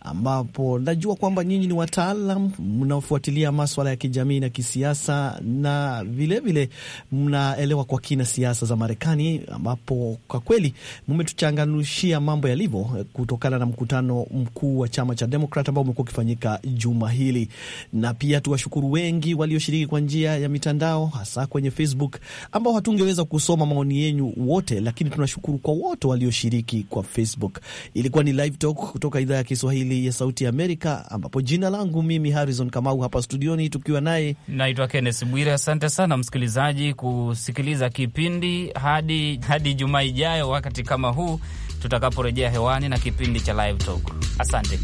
ambapo najua kwamba nyinyi ni wataalam mnaofuatilia maswala ya kijamii na kisiasa na vilevile mnaelewa kwa kina siasa za Marekani, ambapo kwa kweli mmetuchanganushia mambo yalivyo kutokana na mkutano mkuu wa chama cha Demokrat ambao umekuwa ukifanyika juma hili, na pia tuwashukuru wengi walioshiriki kwa njia ya mitandao hasa kwenye Facebook, ambao hatungeweza kusoma maoni yenyu wote, lakini tunashukuru kwa wote walioshiriki kwa Facebook. Ilikuwa ni live talk kutoka idhaa ya Kiswahili ya Sauti ya Amerika, ambapo jina langu mimi Harrison Kamau hapa studioni tukiwa naye naitwa Kenneth Bwire. Asante sana msikilizaji kusikiliza kipindi hadi, hadi Jumaa ijayo wakati kama huu tutakaporejea hewani na kipindi cha live talk. Asante.